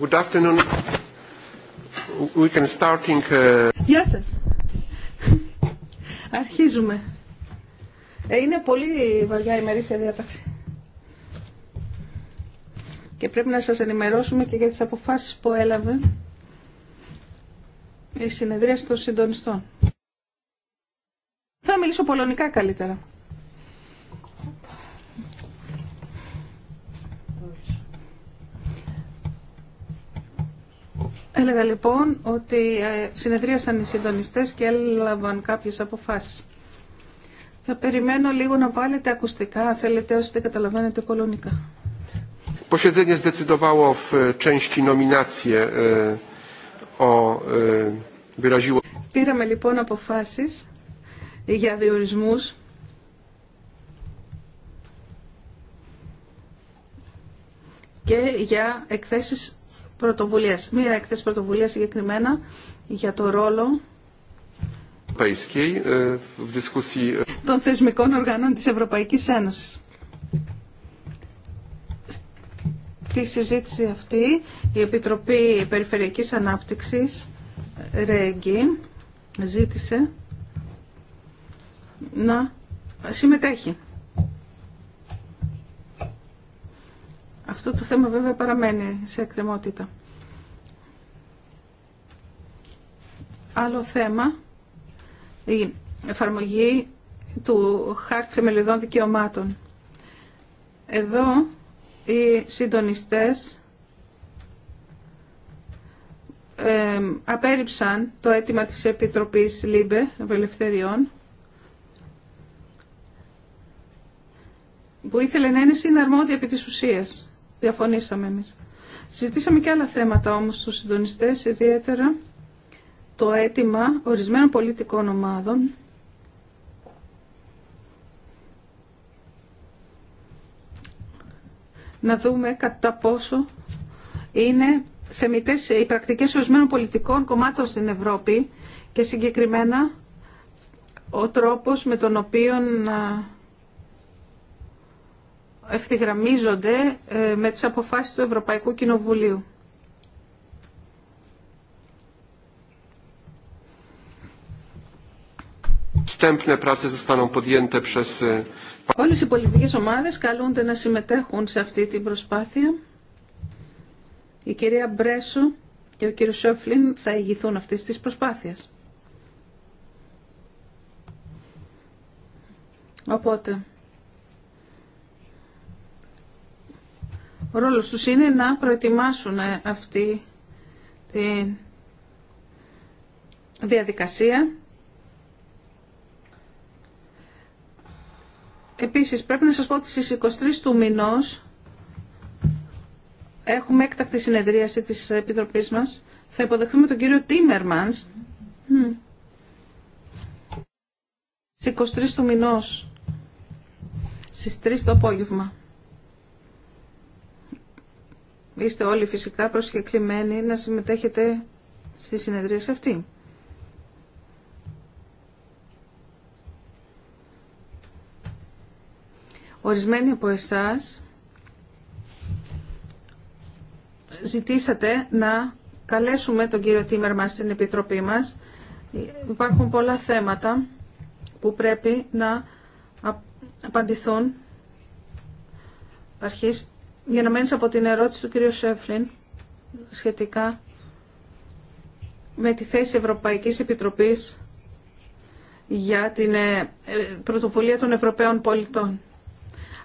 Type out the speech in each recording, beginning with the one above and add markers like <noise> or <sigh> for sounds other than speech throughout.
Uh, Γεια σας. Αρχίζουμε. Ε, είναι πολύ βαριά η μερίσια διάταξη. Και πρέπει να σας ενημερώσουμε και για τις αποφάσεις που έλαβε η συνεδρία των συντονιστών. Θα μιλήσω πολωνικά καλύτερα. Έλεγα λοιπόν ότι ε, συνεδρίασαν οι συντονιστές και έλαβαν κάποιες αποφάσεις. Θα περιμένω λίγο να βάλετε ακουστικά, θέλετε όσοι δεν καταλαβαίνετε πολωνικά. zdecydowało w e, części e, e, Πήραμε λοιπόν αποφάσεις για διορισμούς. και για εκθέσεις πρωτοβουλίας. Μία έκθεση πρωτοβουλίας συγκεκριμένα για το ρόλο ε, ε, των θεσμικών οργανών της Ευρωπαϊκής Ένωσης. Στη συζήτηση αυτή η Επιτροπή Περιφερειακής Ανάπτυξης ΡΕΓΚΙ ζήτησε να συμμετέχει Αυτό το θέμα βέβαια παραμένει σε εκκρεμότητα. Άλλο θέμα, η εφαρμογή του χάρτη θεμελιωδών δικαιωμάτων. Εδώ οι συντονιστές ε, απέρριψαν το αίτημα της Επιτροπής ΛΥΜΠΕ ελευθερίων. που ήθελε να είναι συναρμόδια επί της ουσίας. Διαφωνήσαμε εμείς. Συζητήσαμε και άλλα θέματα όμως στους συντονιστές, ιδιαίτερα το αίτημα ορισμένων πολιτικών ομάδων να δούμε κατά πόσο είναι θεμητές οι πρακτικές ορισμένων πολιτικών κομμάτων στην Ευρώπη και συγκεκριμένα ο τρόπος με τον οποίο ευθυγραμμίζονται ε, με τις αποφάσεις του Ευρωπαϊκού Κοινοβουλίου. E, Όλες οι πολιτικές ομάδες καλούνται να συμμετέχουν σε αυτή την προσπάθεια. Η κυρία Μπρέσο και ο κύριος Σόφλιν θα ηγηθούν αυτής της προσπάθειας. Οπότε, Ο ρόλος τους είναι να προετοιμάσουν ε, αυτή τη διαδικασία. Επίσης πρέπει να σας πω ότι στις 23 του μηνός έχουμε έκτακτη συνεδρίαση της Επιτροπής μας. Θα υποδεχθούμε τον κύριο Τίμερμανς. Στις 23 του μηνός, στις 3 το απόγευμα. Είστε όλοι φυσικά προσκεκλημένοι να συμμετέχετε στη συνεδρία σε αυτή. Ορισμένοι από εσάς ζητήσατε να καλέσουμε τον κύριο Τίμερ μας στην Επιτροπή μας. Υπάρχουν πολλά θέματα που πρέπει να απαντηθούν αρχής γενομένης από την ερώτηση του κ. Σέφλιν σχετικά με τη θέση Ευρωπαϊκής Επιτροπής για την ε, ε, πρωτοβουλία των Ευρωπαίων πολιτών.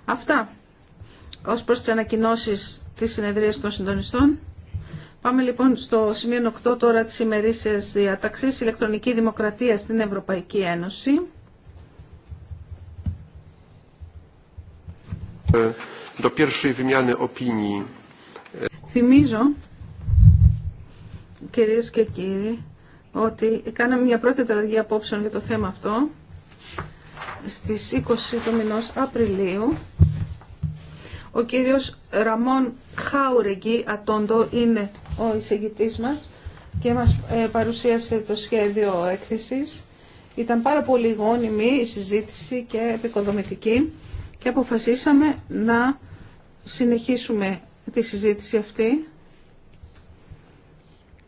Αυτά ως προς τις ανακοινώσεις της συνεδρίας των συντονιστών. Πάμε λοιπόν στο σημείο 8 τώρα της ημερήσιας διαταξής ηλεκτρονική δημοκρατία στην Ευρωπαϊκή Ένωση. Ε, wymiany opinii. Θυμίζω, κυρίες και κύριοι, ότι κάναμε μια πρώτη ταλλαγή απόψεων για το θέμα αυτό στις 20 του μηνός Απριλίου. Ο κύριος Ραμόν Χάουρεγγι Ατόντο είναι ο εισηγητής μας και μας ε, παρουσίασε το σχέδιο έκθεσης. Ήταν πάρα πολύ γόνιμη η συζήτηση και επικοδομητική και αποφασίσαμε να συνεχίσουμε τη συζήτηση αυτή.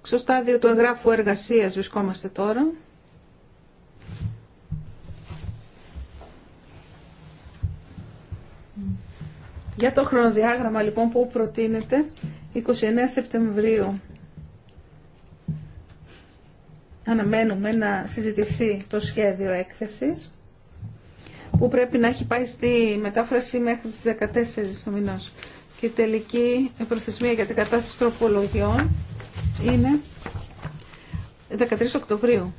Στο στάδιο του εγγράφου εργασίας βρισκόμαστε τώρα. Για το χρονοδιάγραμμα λοιπόν που προτείνεται 29 Σεπτεμβρίου αναμένουμε να συζητηθεί το σχέδιο έκθεσης που πρέπει να έχει πάει στη μετάφραση μέχρι τις 14 του μηνός. Και η τελική προθεσμία για την κατάσταση τροπολογιών είναι 13 Οκτωβρίου.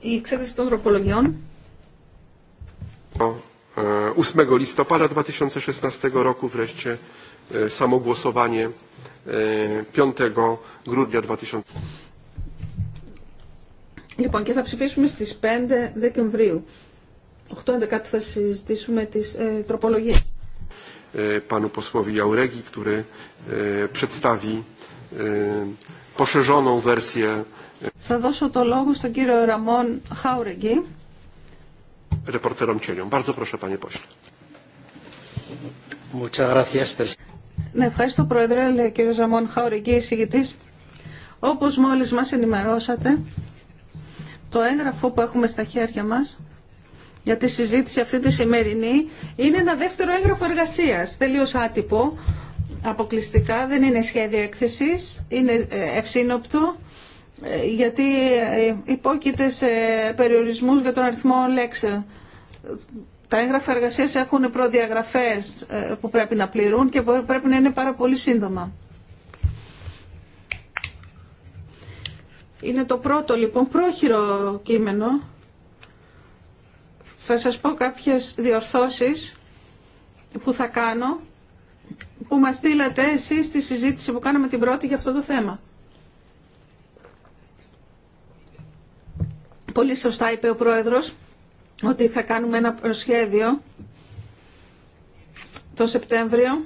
Η εξέταση των τροπολογιών 8 listopada 2016 roku wreszcie ε, samo 5 ε, grudnia 2016. Λοιπόν, και θα ψηφίσουμε στις 5 Δεκεμβρίου. 8-11 θα συζητήσουμε τις ε, τροπολογίες. Ε, e, e, e, θα δώσω το λόγο στον κύριο Ραμόν Χάουρεγγι. Ναι, ευχαριστώ Πρόεδρε, λέει ο κύριος Ραμόν Χαουρεγγί, εισηγητής. Όπως μόλις μας ενημερώσατε, το έγγραφο που έχουμε στα χέρια μας για τη συζήτηση αυτή τη σημερινή είναι ένα δεύτερο έγγραφο εργασίας, τελείως άτυπο, αποκλειστικά, δεν είναι σχέδιο έκθεσης, είναι ε, ευσύνοπτο, ε, γιατί ε, υπόκειται σε περιορισμούς για τον αριθμό λέξεων. Τα έγγραφα εργασίας έχουν προδιαγραφές που πρέπει να πληρούν και πρέπει να είναι πάρα πολύ σύντομα. Είναι το πρώτο λοιπόν πρόχειρο κείμενο. Θα σας πω κάποιες διορθώσεις που θα κάνω που μας στείλατε εσείς στη συζήτηση που κάναμε την πρώτη για αυτό το θέμα. Πολύ σωστά είπε ο Πρόεδρος ότι θα κάνουμε ένα προσχέδιο το Σεπτέμβριο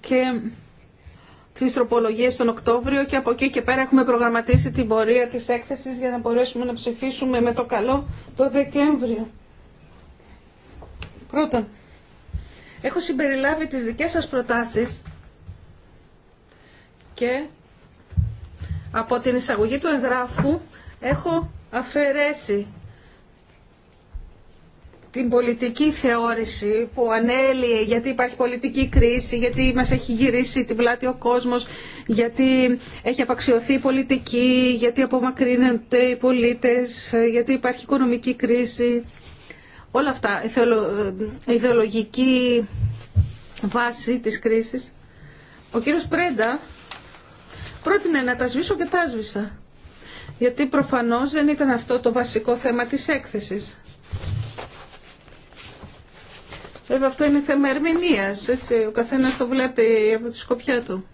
και τις τροπολογίες τον Οκτώβριο και από εκεί και πέρα έχουμε προγραμματίσει την πορεία της έκθεσης για να μπορέσουμε να ψηφίσουμε με το καλό το Δεκέμβριο. Πρώτον, έχω συμπεριλάβει τις δικές σας προτάσεις και από την εισαγωγή του εγγράφου έχω αφαιρέσει την πολιτική θεώρηση που ανέλυε γιατί υπάρχει πολιτική κρίση, γιατί μας έχει γυρίσει την πλάτη ο κόσμος, γιατί έχει απαξιωθεί η πολιτική, γιατί απομακρύνονται οι πολίτες, γιατί υπάρχει οικονομική κρίση. Όλα αυτά, η ε, ιδεολογική βάση της κρίσης. Ο κύριος Πρέντα πρότεινε να τα σβήσω και τα σβήσα. Γιατί προφανώς δεν ήταν αυτό το βασικό θέμα της έκθεσης. Βέβαια αυτό είναι θέμα ερμηνείας, έτσι, ο καθένας το βλέπει από τη σκοπιά του.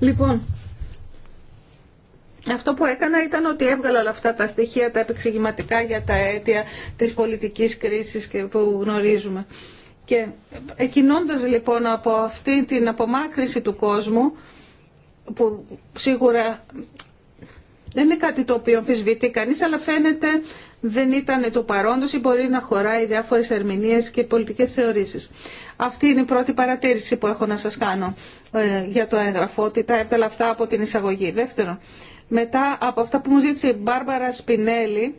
Λοιπόν, αυτό που έκανα ήταν ότι έβγαλα όλα αυτά τα στοιχεία, τα επεξηγηματικά για τα αίτια της πολιτικής κρίσης που γνωρίζουμε. Και εκινώντας λοιπόν από αυτή την απομάκρυση του κόσμου, που σίγουρα δεν είναι κάτι το οποίο αμφισβητεί κανείς, αλλά φαίνεται δεν ήταν το παρόντος ή μπορεί να χωράει διάφορες ερμηνείες και πολιτικές θεωρήσεις. Αυτή είναι η πρώτη παρατήρηση που έχω να σας κάνω ε, για το έγγραφο, ότι τα έβγαλα αυτά από την εισαγωγή. Δεύτερο, μετά από αυτά που μου ζήτησε η Μπάρμπαρα Σπινέλη,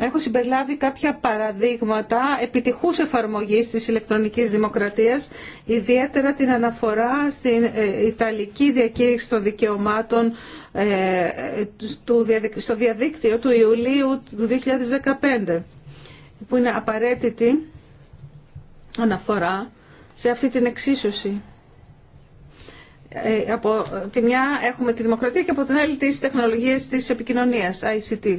Έχω συμπεριλάβει κάποια παραδείγματα επιτυχούς εφαρμογής της ηλεκτρονικής δημοκρατίας, ιδιαίτερα την αναφορά στην ε, Ιταλική διακήρυξη των δικαιωμάτων ε, στο διαδίκτυο του Ιουλίου του 2015, που είναι απαραίτητη αναφορά σε αυτή την εξίσωση. Ε, από τη μια έχουμε τη δημοκρατία και από την άλλη τις τεχνολογίες της επικοινωνίας, ICT.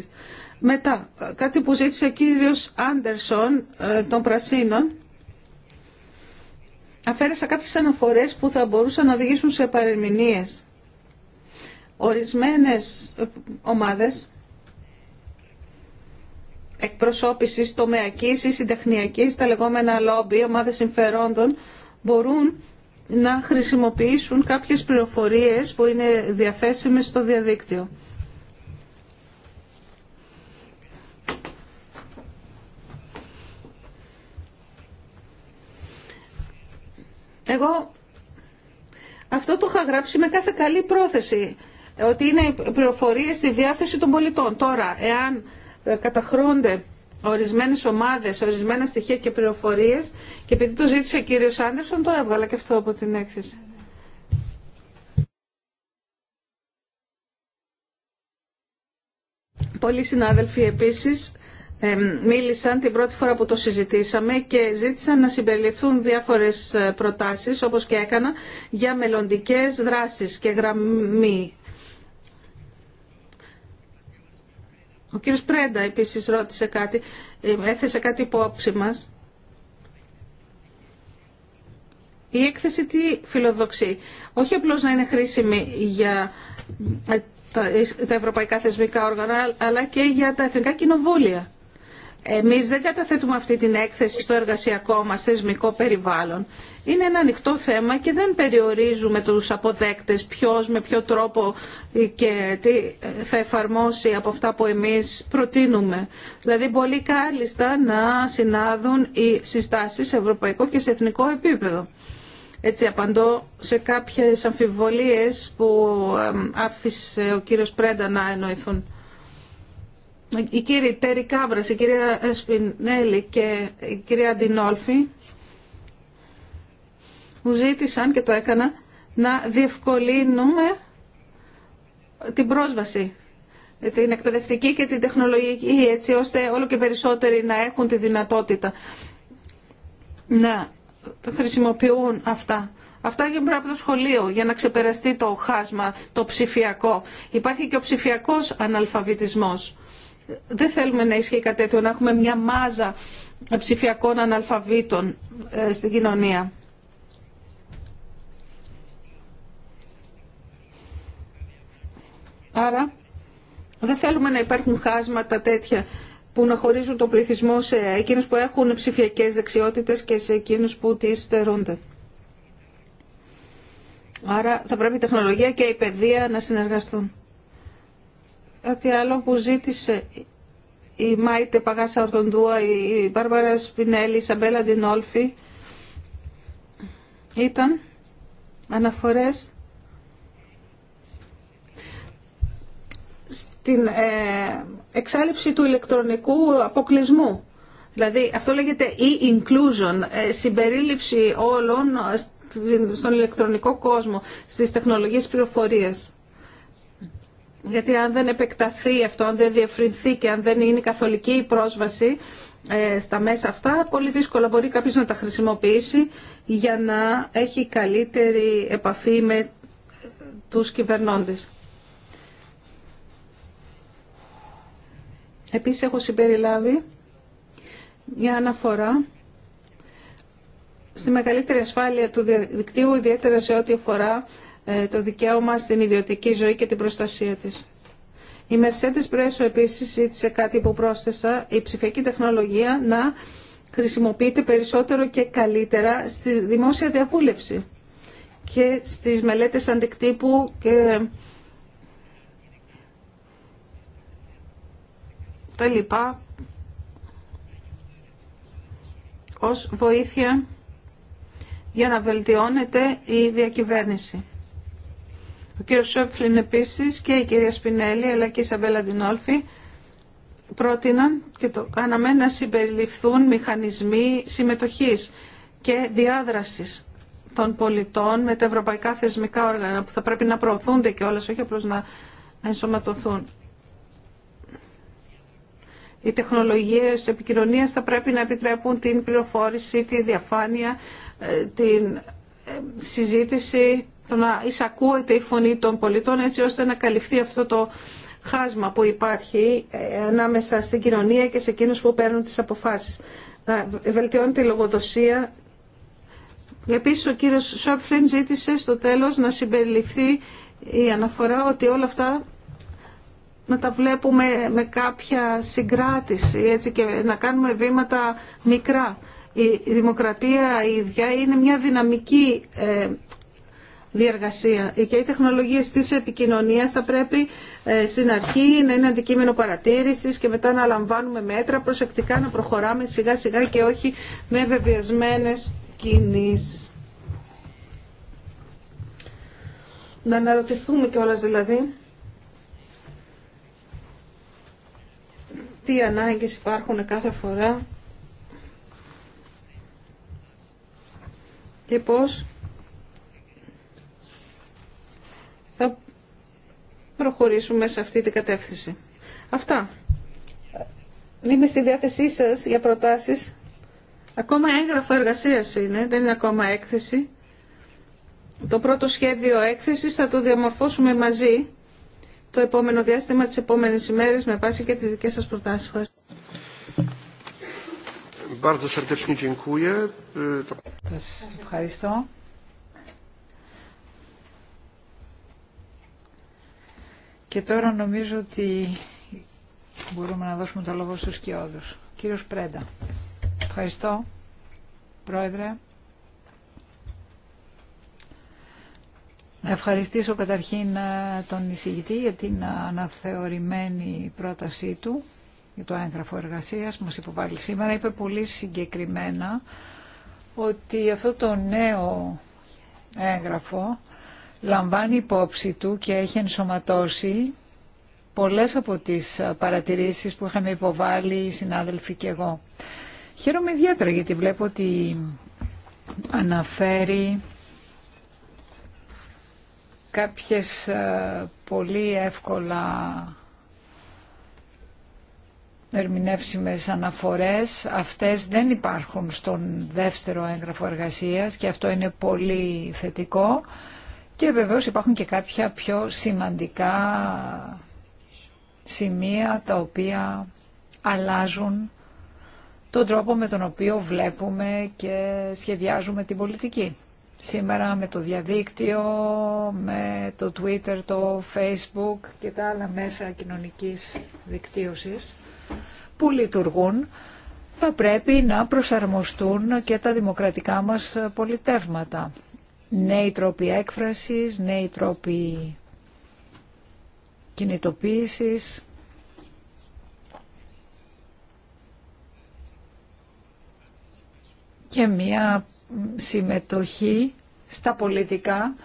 Μετά, κάτι που ζήτησε ο κύριος Άντερσον ε, των Πρασίνων, αφαίρεσα κάποιες αναφορές που θα μπορούσαν να οδηγήσουν σε παρεμηνίες. Ορισμένες ε, ομάδες εκπροσώπησης τομεακής ή συντεχνιακής, τα λεγόμενα λόμπι, ομάδες συμφερόντων, μπορούν να χρησιμοποιήσουν κάποιες πληροφορίες που είναι διαθέσιμες στο διαδίκτυο. Εγώ αυτό το είχα γράψει με κάθε καλή πρόθεση, ότι είναι πληροφορίε στη διάθεση των πολιτών. Τώρα, εάν ε, καταχρώνται ορισμένες ομάδες, ορισμένα στοιχεία και πληροφορίες και επειδή το ζήτησε ο κύριος Άντερσον, το έβγαλα και αυτό από την έκθεση. Πολλοί συνάδελφοι επίσης μίλησαν την πρώτη φορά που το συζητήσαμε και ζήτησαν να συμπεριληφθούν διάφορες ε, προτάσεις, όπως και έκανα, για μελλοντικές δράσεις και γραμμή. Ο κύριος Πρέντα επίσης ρώτησε κάτι, ε, έθεσε κάτι υπόψη μας. Η έκθεση τι φιλοδοξεί. Όχι απλώς να είναι χρήσιμη για ε, τα ευρωπαϊκά θεσμικά όργανα, αλλά και για τα εθνικά κοινοβούλια. Εμείς δεν καταθέτουμε αυτή την έκθεση στο εργασιακό μας θεσμικό περιβάλλον. Είναι ένα ανοιχτό θέμα και δεν περιορίζουμε τους αποδέκτες ποιος με ποιο τρόπο και τι θα εφαρμόσει από αυτά που εμείς προτείνουμε. Δηλαδή πολύ κάλλιστα να συνάδουν οι συστάσεις σε ευρωπαϊκό και σε εθνικό επίπεδο. Έτσι απαντώ σε κάποιες αμφιβολίες που άφησε ο κύριος Πρέντα να εννοηθούν η κυρία Τέρι Κάμπρας, η κυρία Σπινέλη και η κυρία Αντινόλφη μου ζήτησαν και το έκανα να διευκολύνουμε την πρόσβαση την εκπαιδευτική και την τεχνολογική έτσι ώστε όλο και περισσότεροι να έχουν τη δυνατότητα να χρησιμοποιούν αυτά. Αυτά γίνουν από το σχολείο για να ξεπεραστεί το χάσμα, το ψηφιακό. Υπάρχει και ο ψηφιακός αναλφαβητισμός δεν θέλουμε να ισχύει κάτι τέτοιο, να έχουμε μια μάζα ψηφιακών αναλφαβήτων ε, στην κοινωνία. Άρα δεν θέλουμε να υπάρχουν χάσματα τέτοια που να χωρίζουν τον πληθυσμό σε εκείνους που έχουν ψηφιακές δεξιότητες και σε εκείνους που τις στερούνται. Άρα θα πρέπει η τεχνολογία και η παιδεία να συνεργαστούν. Κάτι άλλο που ζήτησε η Μάιτε Παγάσα Ορθοντούα, η Μπάρμπαρα Σπινέλη, η Σαμπέλα Ντινόλφη ήταν αναφορές στην ε, εξάλληψη του ηλεκτρονικού αποκλεισμού. Δηλαδή αυτό λέγεται e-inclusion, ε, συμπερίληψη όλων στον ηλεκτρονικό κόσμο, στις τεχνολογίες πληροφορίας γιατί αν δεν επεκταθεί αυτό, αν δεν διευρυνθεί και αν δεν είναι καθολική η πρόσβαση ε, στα μέσα αυτά, πολύ δύσκολα μπορεί κάποιο να τα χρησιμοποιήσει για να έχει καλύτερη επαφή με τους κυβερνώντες. Επίσης έχω συμπεριλάβει μια αναφορά στη μεγαλύτερη ασφάλεια του διαδικτύου, ιδιαίτερα σε ό,τι αφορά ε, το δικαίωμα στην ιδιωτική ζωή και την προστασία της. Η Mercedes Presso επίσης ζήτησε κάτι που πρόσθεσα, η ψηφιακή τεχνολογία να χρησιμοποιείται περισσότερο και καλύτερα στη δημόσια διαβούλευση και στις μελέτες αντικτύπου και τα λοιπά ως βοήθεια για να βελτιώνεται η διακυβέρνηση. Ο κύριος Σόφλιν επίσης και η κυρία Σπινέλη αλλά και η Σαμπέλα Ντινόλφη πρότειναν και το κάναμε να συμπεριληφθούν μηχανισμοί συμμετοχής και διάδρασης των πολιτών με τα ευρωπαϊκά θεσμικά όργανα που θα πρέπει να προωθούνται και όλες, όχι απλώς να ενσωματωθούν. Οι τεχνολογίες επικοινωνίας θα πρέπει να επιτρέπουν την πληροφόρηση, τη διαφάνεια, ε, την ε, συζήτηση το να εισακούεται η φωνή των πολιτών έτσι ώστε να καλυφθεί αυτό το χάσμα που υπάρχει ε, ανάμεσα στην κοινωνία και σε εκείνους που παίρνουν τις αποφάσεις. Να βελτιώνεται η λογοδοσία. Επίσης ο κύριος Σόπφλιν ζήτησε στο τέλος να συμπεριληφθεί η αναφορά ότι όλα αυτά να τα βλέπουμε με κάποια συγκράτηση έτσι, και να κάνουμε βήματα μικρά. Η δημοκρατία η ίδια είναι μια δυναμική ε, διεργασία και οι τεχνολογίε τη επικοινωνία θα πρέπει ε, στην αρχή να είναι αντικείμενο παρατήρηση και μετά να λαμβάνουμε μέτρα προσεκτικά να προχωράμε σιγά σιγά και όχι με βεβαιασμένε κινήσεις. Να αναρωτηθούμε κιόλας δηλαδή τι ανάγκες υπάρχουν κάθε φορά και πώς προχωρήσουμε σε αυτή την κατεύθυνση. Αυτά. Είμαι στη διάθεσή σας για προτάσεις. Ακόμα έγγραφο εργασίας είναι, δεν είναι ακόμα έκθεση. Το πρώτο σχέδιο έκθεσης θα το διαμορφώσουμε μαζί το επόμενο διάστημα, τις επόμενες ημέρες, με βάση και τις δικές σας προτάσεις. ευχαριστώ. Και τώρα νομίζω ότι μπορούμε να δώσουμε το λόγο στους κοιόδους. Κύριος Πρέντα. Ευχαριστώ, Πρόεδρε. Να ευχαριστήσω καταρχήν ε, τον εισηγητή για την αναθεωρημένη πρότασή του για το έγγραφο εργασίας που μας υποβάλλει σήμερα. Είπε πολύ συγκεκριμένα ότι αυτό το νέο έγγραφο λαμβάνει υπόψη του και έχει ενσωματώσει πολλές από τις ε, παρατηρήσεις που είχαμε υποβάλει οι συνάδελφοι και εγώ. Χαίρομαι ιδιαίτερα γιατί βλέπω ότι αναφέρει κάποιες ε, πολύ εύκολα ερμηνεύσιμες αναφορές. Αυτές δεν υπάρχουν στον δεύτερο έγγραφο εργασίας και αυτό είναι πολύ θετικό. Και βεβαίως υπάρχουν και κάποια πιο σημαντικά σημεία τα οποία αλλάζουν τον τρόπο με τον οποίο βλέπουμε και σχεδιάζουμε την πολιτική. Σήμερα με το διαδίκτυο, με το Twitter, το Facebook και τα άλλα μέσα κοινωνικής δικτύωσης που λειτουργούν, θα πρέπει να προσαρμοστούν και τα δημοκρατικά μας πολιτεύματα νέοι τρόποι έκφρασης, νέοι τρόποι κινητοποίησης. και μία συμμετοχή στα πολιτικά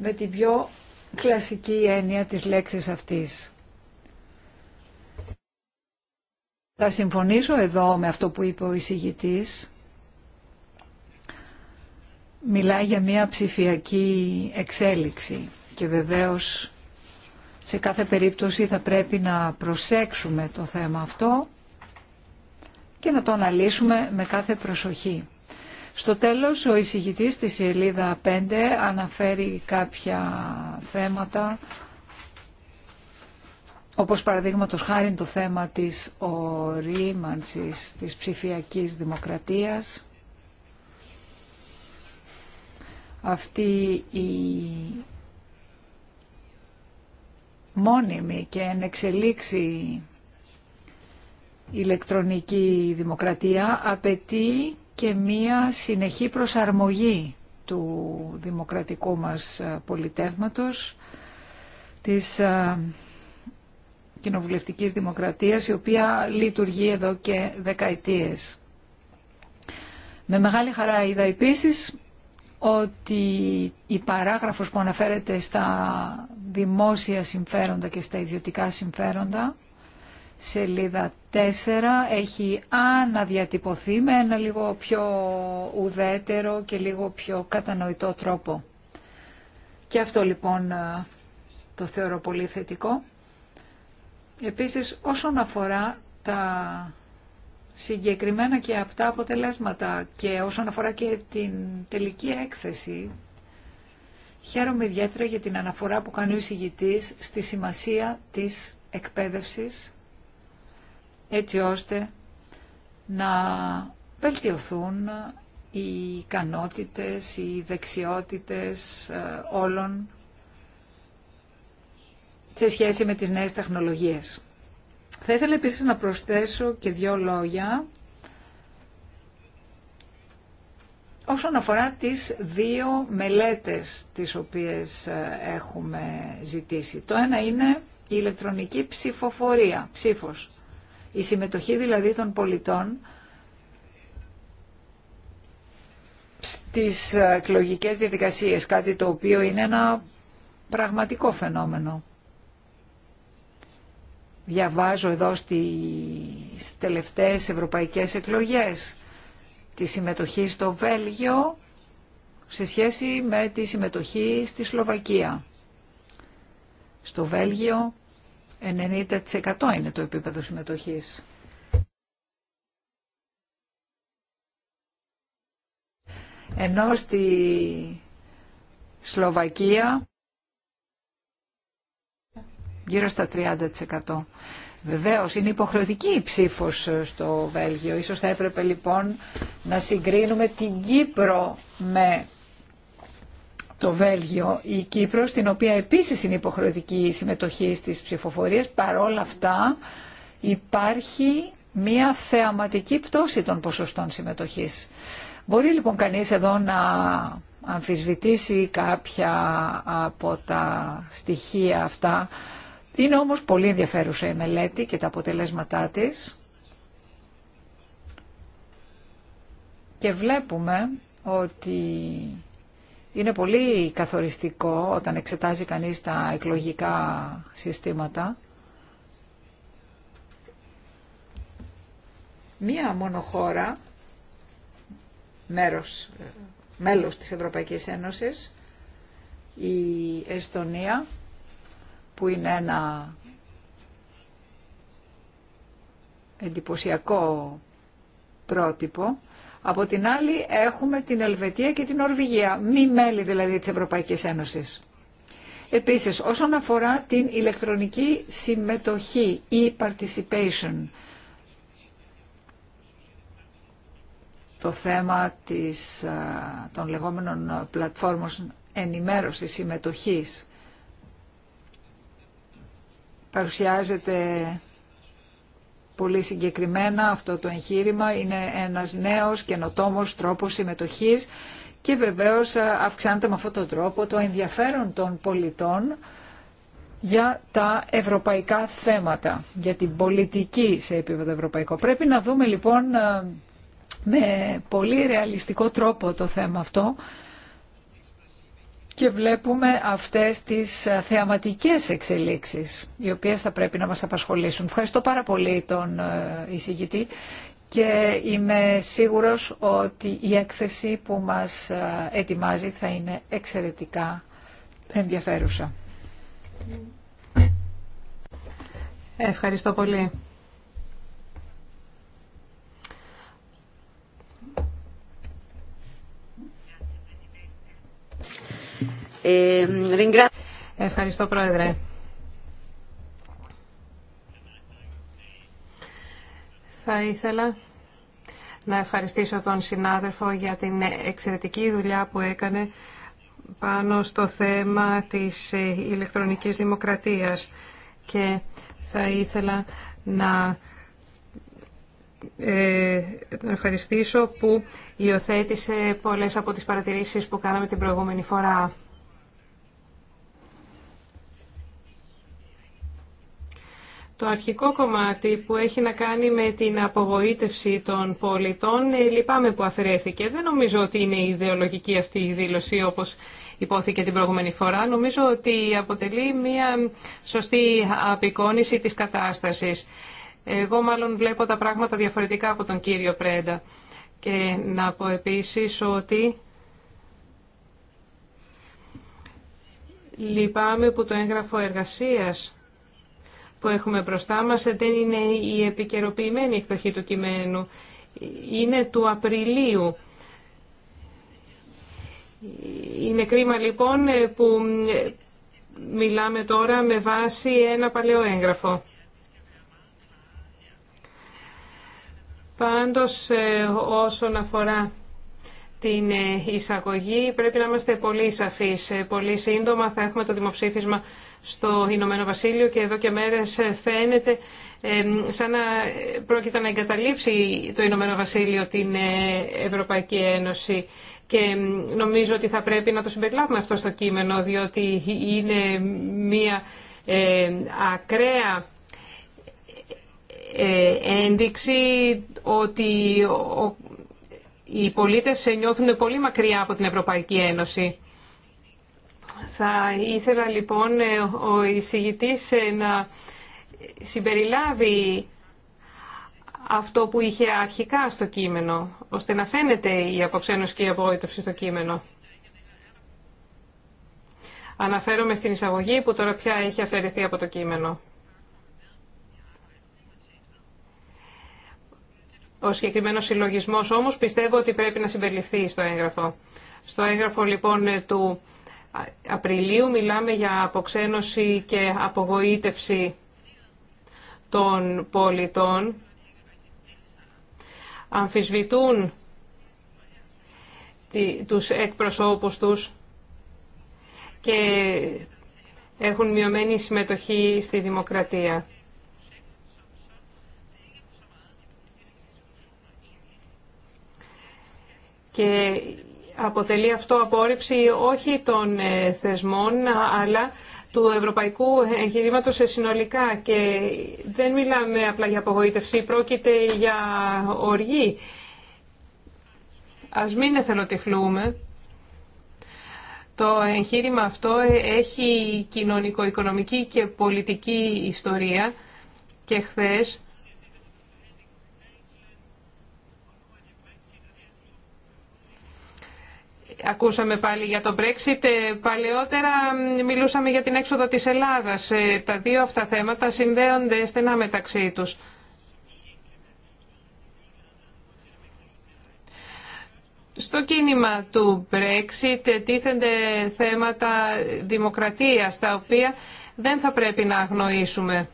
με την πιο κλασική έννοια της λέξης αυτής. Θα συμφωνήσω εδώ με αυτό που είπε ο εισηγητής μιλάει για μια ψηφιακή εξέλιξη και βεβαίως σε κάθε περίπτωση θα πρέπει να προσέξουμε το θέμα αυτό και να το αναλύσουμε με κάθε προσοχή. Στο τέλος, ο εισηγητής στη σελίδα 5 αναφέρει κάποια θέματα, όπως παραδείγματο χάρη το θέμα της ορίμανσης της ψηφιακής δημοκρατίας, αυτή η μόνιμη και ενεξελίξη ηλεκτρονική δημοκρατία απαιτεί και μία συνεχή προσαρμογή του δημοκρατικού μας ε, πολιτεύματος, της ε, κοινοβουλευτικής δημοκρατίας, η οποία λειτουργεί εδώ και δεκαετίες. Με μεγάλη χαρά είδα επίσης ότι η παράγραφος που αναφέρεται στα δημόσια συμφέροντα και στα ιδιωτικά συμφέροντα, σελίδα 4, έχει αναδιατυπωθεί με ένα λίγο πιο ουδέτερο και λίγο πιο κατανοητό τρόπο. Και αυτό λοιπόν το θεωρώ πολύ θετικό. Επίσης όσον αφορά τα συγκεκριμένα και αυτά αποτελέσματα και όσον αφορά και την τελική έκθεση χαίρομαι ιδιαίτερα για την αναφορά που κάνει ο εισηγητής στη σημασία της εκπαίδευσης έτσι ώστε να βελτιωθούν οι ικανότητες, οι δεξιότητες ε, όλων σε σχέση με τις νέες τεχνολογίες. Θα ήθελα επίσης να προσθέσω και δύο λόγια όσον αφορά τις δύο μελέτες τις οποίες ε, έχουμε ζητήσει. Το ένα είναι η ηλεκτρονική ψηφοφορία, ψήφος. Η συμμετοχή δηλαδή των πολιτών στις εκλογικές διαδικασίες, κάτι το οποίο είναι ένα πραγματικό φαινόμενο διαβάζω εδώ στις τελευταίες ευρωπαϊκές εκλογές τη συμμετοχή στο Βέλγιο σε σχέση με τη συμμετοχή στη Σλοβακία. Στο Βέλγιο 90% είναι το επίπεδο συμμετοχής. Ενώ στη Σλοβακία γύρω στα 30%. Βεβαίως, είναι υποχρεωτική η ψήφος ε, στο Βέλγιο. Ίσως θα έπρεπε λοιπόν να συγκρίνουμε την Κύπρο με το Βέλγιο. Η Κύπρο στην οποία επίσης είναι υποχρεωτική η συμμετοχή στις ψηφοφορίες, παρόλα αυτά υπάρχει μία θεαματική πτώση των ποσοστών συμμετοχής. Μπορεί λοιπόν κανείς εδώ να αμφισβητήσει κάποια από τα στοιχεία αυτά είναι όμως πολύ ενδιαφέρουσα η μελέτη και τα αποτελέσματά της και βλέπουμε ότι είναι πολύ καθοριστικό όταν εξετάζει κανείς τα εκλογικά συστήματα. Μία μόνο χώρα, μέρος, ε, μέλος της Ευρωπαϊκής Ένωσης, η Εστονία, που είναι ένα εντυπωσιακό πρότυπο. Από την άλλη έχουμε την Ελβετία και την Ορβηγία, μη μέλη δηλαδή της Ευρωπαϊκής Ένωσης. Επίσης, όσον αφορά την ηλεκτρονική συμμετοχή ή e participation, το θέμα των λεγόμενων πλατφόρμων ενημέρωσης συμμετοχής παρουσιάζεται πολύ συγκεκριμένα αυτό το εγχείρημα. Είναι ένας νέος καινοτόμος τρόπος συμμετοχής και βεβαίως αυξάνεται με αυτόν τον τρόπο το ενδιαφέρον των πολιτών για τα ευρωπαϊκά θέματα, για την πολιτική σε επίπεδο ευρωπαϊκό. Πρέπει να δούμε λοιπόν με πολύ ρεαλιστικό τρόπο το θέμα αυτό και βλέπουμε αυτές τις θεαματικές εξελίξεις οι οποίες θα πρέπει να μας απασχολήσουν. Ευχαριστώ πάρα πολύ τον ε, εισηγητή και είμαι σίγουρος ότι η έκθεση που μας ε, ετοιμάζει θα είναι εξαιρετικά ενδιαφέρουσα. Ευχαριστώ πολύ. Ε, Ευχαριστώ, Πρόεδρε. Θα ήθελα να ευχαριστήσω τον συνάδελφο για την εξαιρετική δουλειά που έκανε πάνω στο θέμα της ε, ηλεκτρονικής δημοκρατίας και θα ήθελα να ε, τον ευχαριστήσω που υιοθέτησε πολλές από τις παρατηρήσεις που κάναμε την προηγούμενη φορά. Το αρχικό κομμάτι που έχει να κάνει με την απογοήτευση των πολιτών, ε, λυπάμαι που αφαιρέθηκε. Δεν νομίζω ότι είναι ιδεολογική αυτή η δήλωση όπως υπόθηκε την προηγούμενη φορά. Νομίζω ότι αποτελεί μια σωστή απεικόνηση της κατάστασης. Εγώ μάλλον βλέπω τα πράγματα διαφορετικά από τον κύριο Πρέντα. Και να πω επίσης ότι λυπάμαι που το έγγραφο εργασίας που έχουμε μπροστά μας δεν είναι η επικαιροποιημένη εκδοχή του κειμένου. Είναι του Απριλίου. Είναι κρίμα λοιπόν που μιλάμε τώρα με βάση ένα παλαιό έγγραφο. Πάντως ε, όσον αφορά την ε, εισαγωγή πρέπει να είμαστε πολύ σαφείς. Ε, πολύ σύντομα θα έχουμε το δημοψήφισμα στο Ηνωμένο Βασίλειο και εδώ και μέρες ε, φαίνεται σαν να πρόκειται να εγκαταλείψει το Ηνωμένο Βασίλειο την Ευρωπαϊκή Ένωση. Και νομίζω ότι θα πρέπει να το συμπεριλάβουμε αυτό στο κείμενο, διότι είναι μία ε, ακραία ένδειξη ότι ο, οι πολίτες νιώθουν πολύ μακριά από την Ευρωπαϊκή Ένωση. Θα ήθελα λοιπόν ε, ο εισηγητής ε, να συμπεριλάβει αυτό που είχε αρχικά στο κείμενο, ώστε να φαίνεται η απόψένωση και η απογοήτευση στο κείμενο. Αναφέρομαι στην εισαγωγή που τώρα πια έχει αφαιρεθεί από το κείμενο. Ο συγκεκριμένο συλλογισμό όμως πιστεύω ότι πρέπει να συμπεριληφθεί στο έγγραφο. Στο έγγραφο λοιπόν του Απριλίου μιλάμε για αποξένωση και απογοήτευση των πολιτών. Αμφισβητούν τους εκπροσώπους τους και έχουν μειωμένη συμμετοχή στη δημοκρατία. και αποτελεί αυτό απόρριψη όχι των ε, θεσμών αλλά του ευρωπαϊκού εγχειρήματο συνολικά και δεν μιλάμε απλά για απογοήτευση, πρόκειται για οργή. Ας μην εθελοτυφλούμε. Το εγχείρημα αυτό έχει κοινωνικο-οικονομική και πολιτική ιστορία και χθες ακούσαμε πάλι για το Brexit. Ε, παλαιότερα μιλούσαμε για την έξοδο της Ελλάδας. Ε, τα δύο αυτά θέματα συνδέονται στενά μεταξύ τους. Στο κίνημα του Brexit ε, τίθενται θέματα δημοκρατίας, τα οποία δεν θα πρέπει να αγνοήσουμε.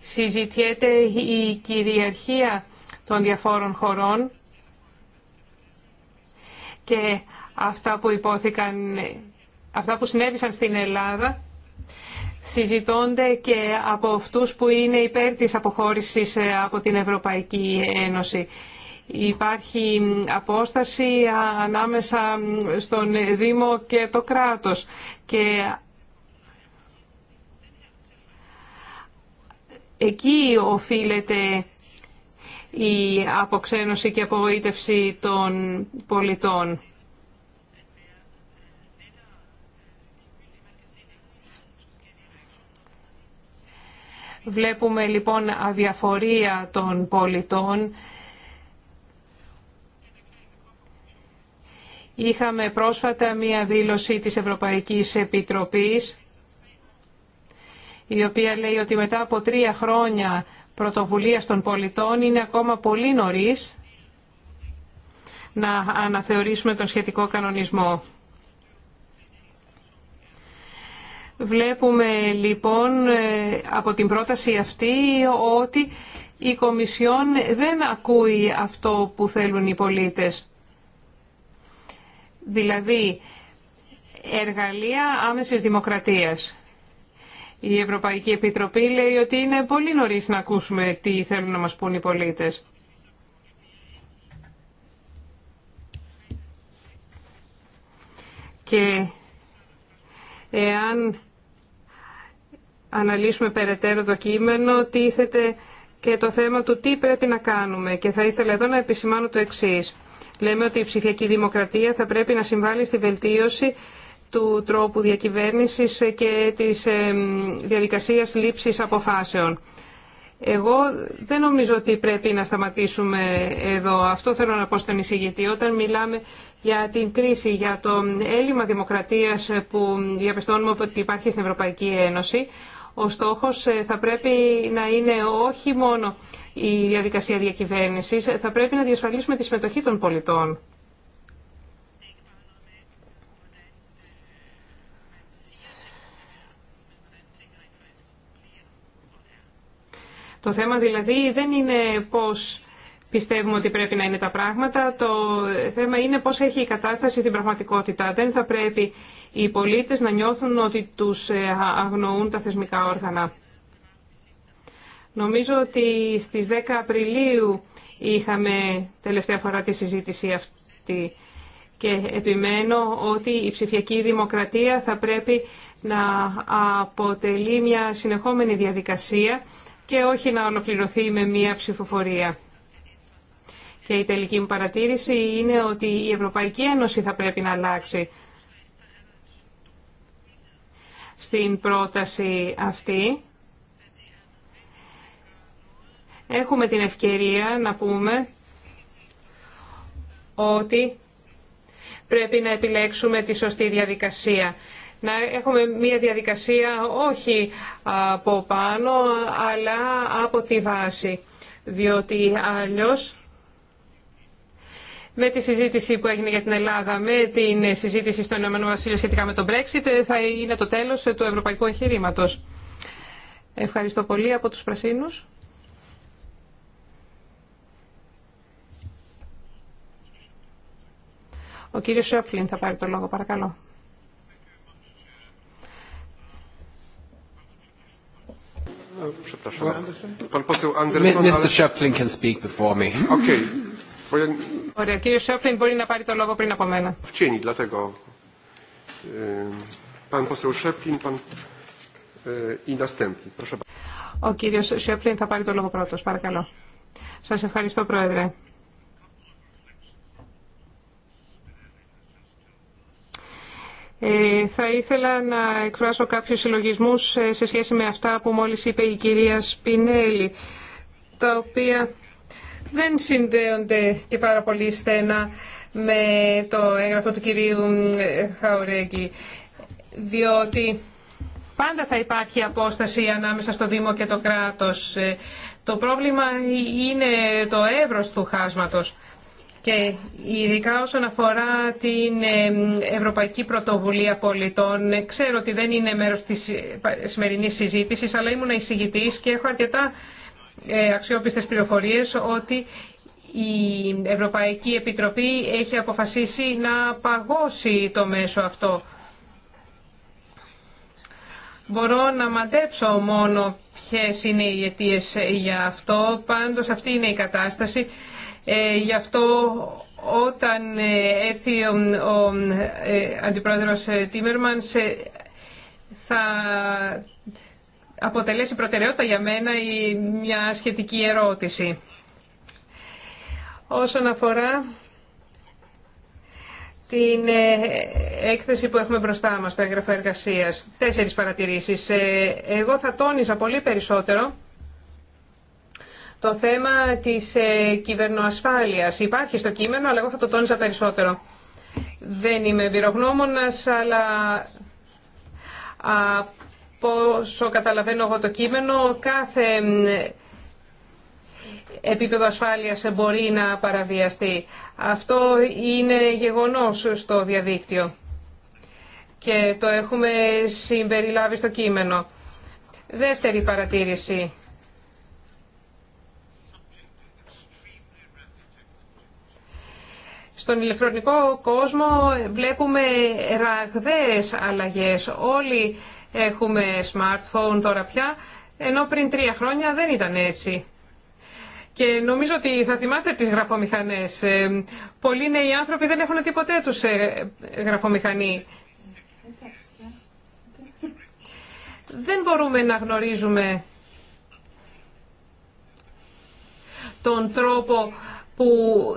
Συζητιέται η κυριαρχία των διαφόρων χωρών και αυτά που υπόθηκαν, αυτά που συνέβησαν στην Ελλάδα συζητώνται και από αυτούς που είναι υπέρ της αποχώρησης ε, από την Ευρωπαϊκή Ένωση. Υπάρχει απόσταση ανάμεσα στον Δήμο και το κράτος και εκεί οφείλεται η αποξένωση και απογοήτευση των πολιτών. Βλέπουμε λοιπόν αδιαφορία των πολιτών. Είχαμε πρόσφατα μία δήλωση της Ευρωπαϊκής Επιτροπής η οποία λέει ότι μετά από τρία χρόνια Πρωτοβουλία των πολιτών είναι ακόμα πολύ νωρίς να αναθεωρήσουμε τον σχετικό κανονισμό. Βλέπουμε λοιπόν από την πρόταση αυτή ότι η Κομισιόν δεν ακούει αυτό που θέλουν οι πολίτες. Δηλαδή, εργαλεία άμεσης δημοκρατίας. Η Ευρωπαϊκή Επιτροπή λέει ότι είναι πολύ νωρίς να ακούσουμε τι θέλουν να μας πούν οι πολίτες. Και εάν αναλύσουμε περαιτέρω το κείμενο, τίθεται και το θέμα του τι πρέπει να κάνουμε. Και θα ήθελα εδώ να επισημάνω το εξής. Λέμε ότι η ψηφιακή δημοκρατία θα πρέπει να συμβάλλει στη βελτίωση του τρόπου διακυβέρνησης και της ε, διαδικασίας λήψης αποφάσεων. Εγώ δεν νομίζω ότι πρέπει να σταματήσουμε εδώ. Αυτό θέλω να πω στον εισηγητή. Όταν μιλάμε για την κρίση, για το έλλειμμα δημοκρατίας που διαπιστώνουμε ότι υπάρχει στην Ευρωπαϊκή Ένωση, ο στόχος ε, θα πρέπει να είναι όχι μόνο η διαδικασία διακυβέρνησης, ε, θα πρέπει να διασφαλίσουμε τη συμμετοχή των πολιτών. Το θέμα δηλαδή δεν είναι πώς πιστεύουμε ότι πρέπει να είναι τα πράγματα. Το θέμα είναι πώς έχει η κατάσταση στην πραγματικότητα. Δεν θα πρέπει οι πολίτες να νιώθουν ότι τους ε, αγνοούν τα θεσμικά όργανα. Νομίζω ότι στις 10 Απριλίου είχαμε τελευταία φορά τη συζήτηση αυτή και επιμένω ότι η ψηφιακή δημοκρατία θα πρέπει να αποτελεί μια συνεχόμενη διαδικασία και όχι να ολοκληρωθεί με μία ψηφοφορία. Και η τελική μου παρατήρηση είναι ότι η Ευρωπαϊκή Ένωση θα πρέπει να αλλάξει. Στην πρόταση αυτή έχουμε την ευκαιρία να πούμε ότι πρέπει να επιλέξουμε τη σωστή διαδικασία να έχουμε μια διαδικασία όχι από πάνω αλλά από τη βάση. Διότι αλλιώς με τη συζήτηση που έγινε για την Ελλάδα, με την συζήτηση στο Ηνωμένο Βασίλειο σχετικά με τον Brexit, θα είναι το τέλος του ευρωπαϊκού εγχειρήματο. Ευχαριστώ πολύ από τους Πρασίνους. Ο κύριος Σόφλιν θα πάρει το λόγο, παρακαλώ. ο κύριος Σέφλιν μπορεί να πάρει το λόγο πριν από μένα. Ε, ε, ο κύριος Σέφλιν θα πάρει το λόγο πρώτος, παρακαλώ. Σας ευχαριστώ, Πρόεδρε. Ε, θα ήθελα να εκφράσω κάποιους συλλογισμούς ε, σε σχέση με αυτά που μόλις είπε η κυρία Σπινέλη, τα οποία δεν συνδέονται και πάρα πολύ στενά με το έγγραφο του κυρίου ε, Χαουρέγγι, διότι πάντα θα υπάρχει απόσταση ανάμεσα στο Δήμο και το κράτος. Το πρόβλημα είναι το εύρος του χάσματος και ειδικά όσον αφορά την ε, Ευρωπαϊκή Πρωτοβουλία Πολιτών. Ξέρω ότι δεν είναι μέρος της ε, σημερινής συζήτησης, αλλά ήμουν εισηγητής και έχω αρκετά ε, αξιόπιστες πληροφορίες ότι η Ευρωπαϊκή Επιτροπή έχει αποφασίσει να παγώσει το μέσο αυτό. Μπορώ να μαντέψω μόνο ποιες είναι οι αιτίες για αυτό, πάντως αυτή είναι η κατάσταση. Ε, γι' αυτό όταν ε, έρθει ο, ο ε, Αντιπρόεδρος Τίμερμανς θα αποτελέσει προτεραιότητα για μένα η, μια σχετική ερώτηση. Όσον αφορά την έκθεση που έχουμε μπροστά μας, το έγγραφο εργασίας, τέσσερις παρατηρήσεις. Εγώ θα τόνιζα πολύ περισσότερο το θέμα της ε, κυβερνοασφάλειας. Υπάρχει στο κείμενο, αλλά εγώ θα το τόνιζα περισσότερο. Δεν είμαι εμπειρογνώμονας, αλλά πόσο καταλαβαίνω εγώ το κείμενο, κάθε επίπεδο ασφάλειας μπορεί να παραβιαστεί. Αυτό είναι γεγονός στο διαδίκτυο και το έχουμε συμπεριλάβει στο κείμενο. Δεύτερη παρατήρηση. Στον ηλεκτρονικό κόσμο βλέπουμε ραγδαίες αλλαγές. Όλοι έχουμε smartphone τώρα πια, ενώ πριν τρία χρόνια δεν ήταν έτσι. Και νομίζω ότι θα θυμάστε τις γραφομηχανές. Ε, πολλοί νέοι άνθρωποι δεν έχουν δει ποτέ τους ε, γραφομηχανή. Δεν μπορούμε να γνωρίζουμε τον τρόπο που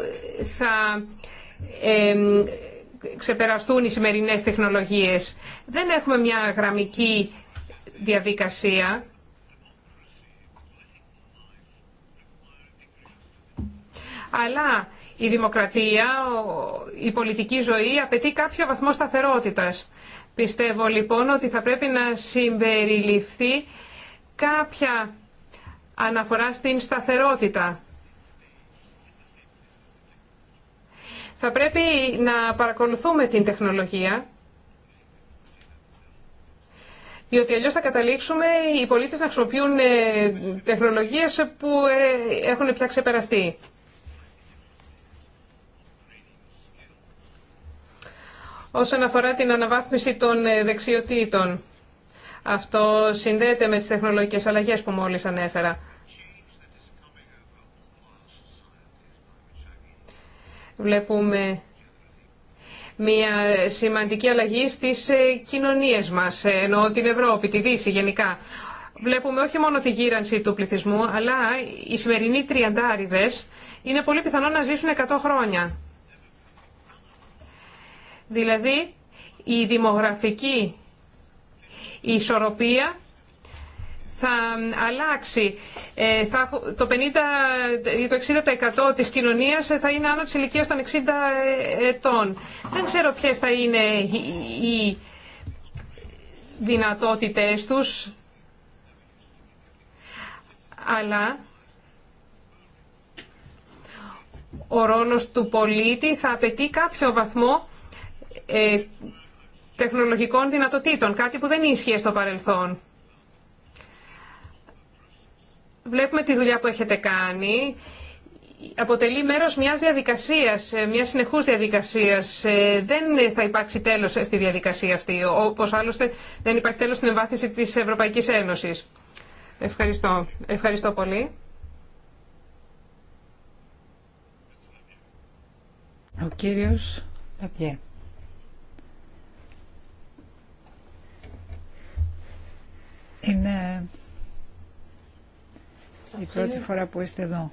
θα ξεπεραστούν οι σημερινές τεχνολογίες. Δεν έχουμε μια γραμμική διαδικασία. Αλλά η δημοκρατία, η πολιτική ζωή απαιτεί κάποιο βαθμό σταθερότητας. Πιστεύω λοιπόν ότι θα πρέπει να συμπεριληφθεί κάποια αναφορά στην σταθερότητα. Θα πρέπει να παρακολουθούμε την τεχνολογία, διότι αλλιώς θα καταλήξουμε οι πολίτες να χρησιμοποιούν ε, τεχνολογίες που ε, έχουν πια ξεπεραστεί. Όσον αφορά την αναβάθμιση των ε, δεξιοτήτων, αυτό συνδέεται με τις τεχνολογικές αλλαγές που μόλις ανέφερα. Βλέπουμε μια σημαντική αλλαγή στις ε, κοινωνίες μας, ε, ενώ την Ευρώπη, τη Δύση γενικά. Βλέπουμε όχι μόνο τη γύρανση του πληθυσμού, αλλά οι σημερινοί τριαντάριδες είναι πολύ πιθανό να ζήσουν 100 χρόνια. Δηλαδή, η δημογραφική ισορροπία θα αλλάξει. Ε, θα, το, 50, ε, το 60% της κοινωνίας ε, θα είναι άνω της ηλικίας των 60 ετών. Δεν ξέρω ποιες θα είναι οι δυνατότητες τους, αλλά ο ρόλος του πολίτη θα απαιτεί κάποιο βαθμό τεχνολογικών δυνατοτήτων, κάτι που δεν ίσχυε στο παρελθόν. Βλέπουμε τη δουλειά που έχετε κάνει. Αποτελεί μέρος μιας διαδικασίας, ε, μιας συνεχούς διαδικασίας. Ε, δεν θα υπάρξει τέλος στη διαδικασία αυτή, όπως άλλωστε δεν υπάρχει τέλος στην εμβάθυνση της Ευρωπαϊκής Ένωσης. Ευχαριστώ. Ευχαριστώ πολύ. Ο κύριος Παπιέ. Είναι η πρώτη φορά που είστε εδώ.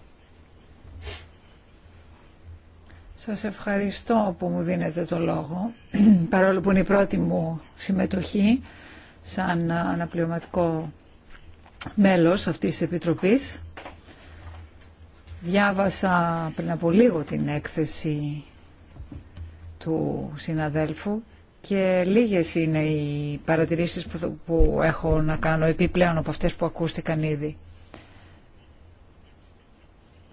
Σας ευχαριστώ που μου δίνετε το λόγο, <clears throat> παρόλο που είναι η πρώτη μου συμμετοχή σαν αναπληρωματικό μέλος αυτής της Επιτροπής. Διάβασα πριν από λίγο την έκθεση του συναδέλφου και λίγες είναι οι παρατηρήσεις που έχω να κάνω επιπλέον από αυτές που ακούστηκαν ήδη.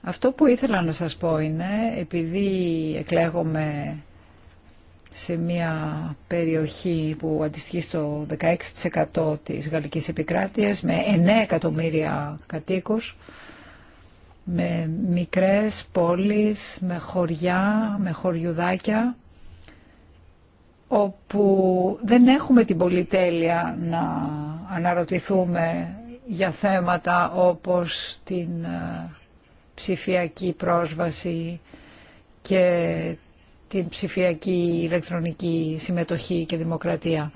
Αυτό που ήθελα να σας πω είναι, επειδή εκλέγομαι σε μια περιοχή που αντιστοιχεί στο 16% της γαλλικής επικράτειας με 9 εκατομμύρια κατοίκους, με μικρές πόλεις, με χωριά, με χωριουδάκια, όπου δεν έχουμε την πολυτέλεια να αναρωτηθούμε για θέματα όπως την ε, ψηφιακή πρόσβαση και την ψηφιακή ηλεκτρονική συμμετοχή και δημοκρατία.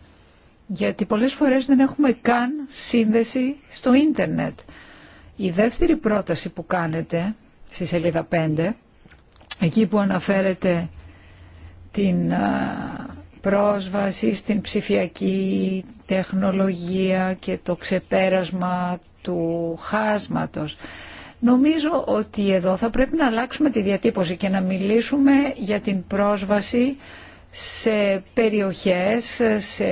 Γιατί πολλές φορές δεν έχουμε καν σύνδεση στο ίντερνετ. Η δεύτερη πρόταση που κάνετε στη σελίδα 5, εκεί που αναφέρεται την πρόσβαση στην ψηφιακή τεχνολογία και το ξεπέρασμα του χάσματος. Νομίζω ότι εδώ θα πρέπει να αλλάξουμε τη διατύπωση και να μιλήσουμε για την πρόσβαση σε περιοχές, σε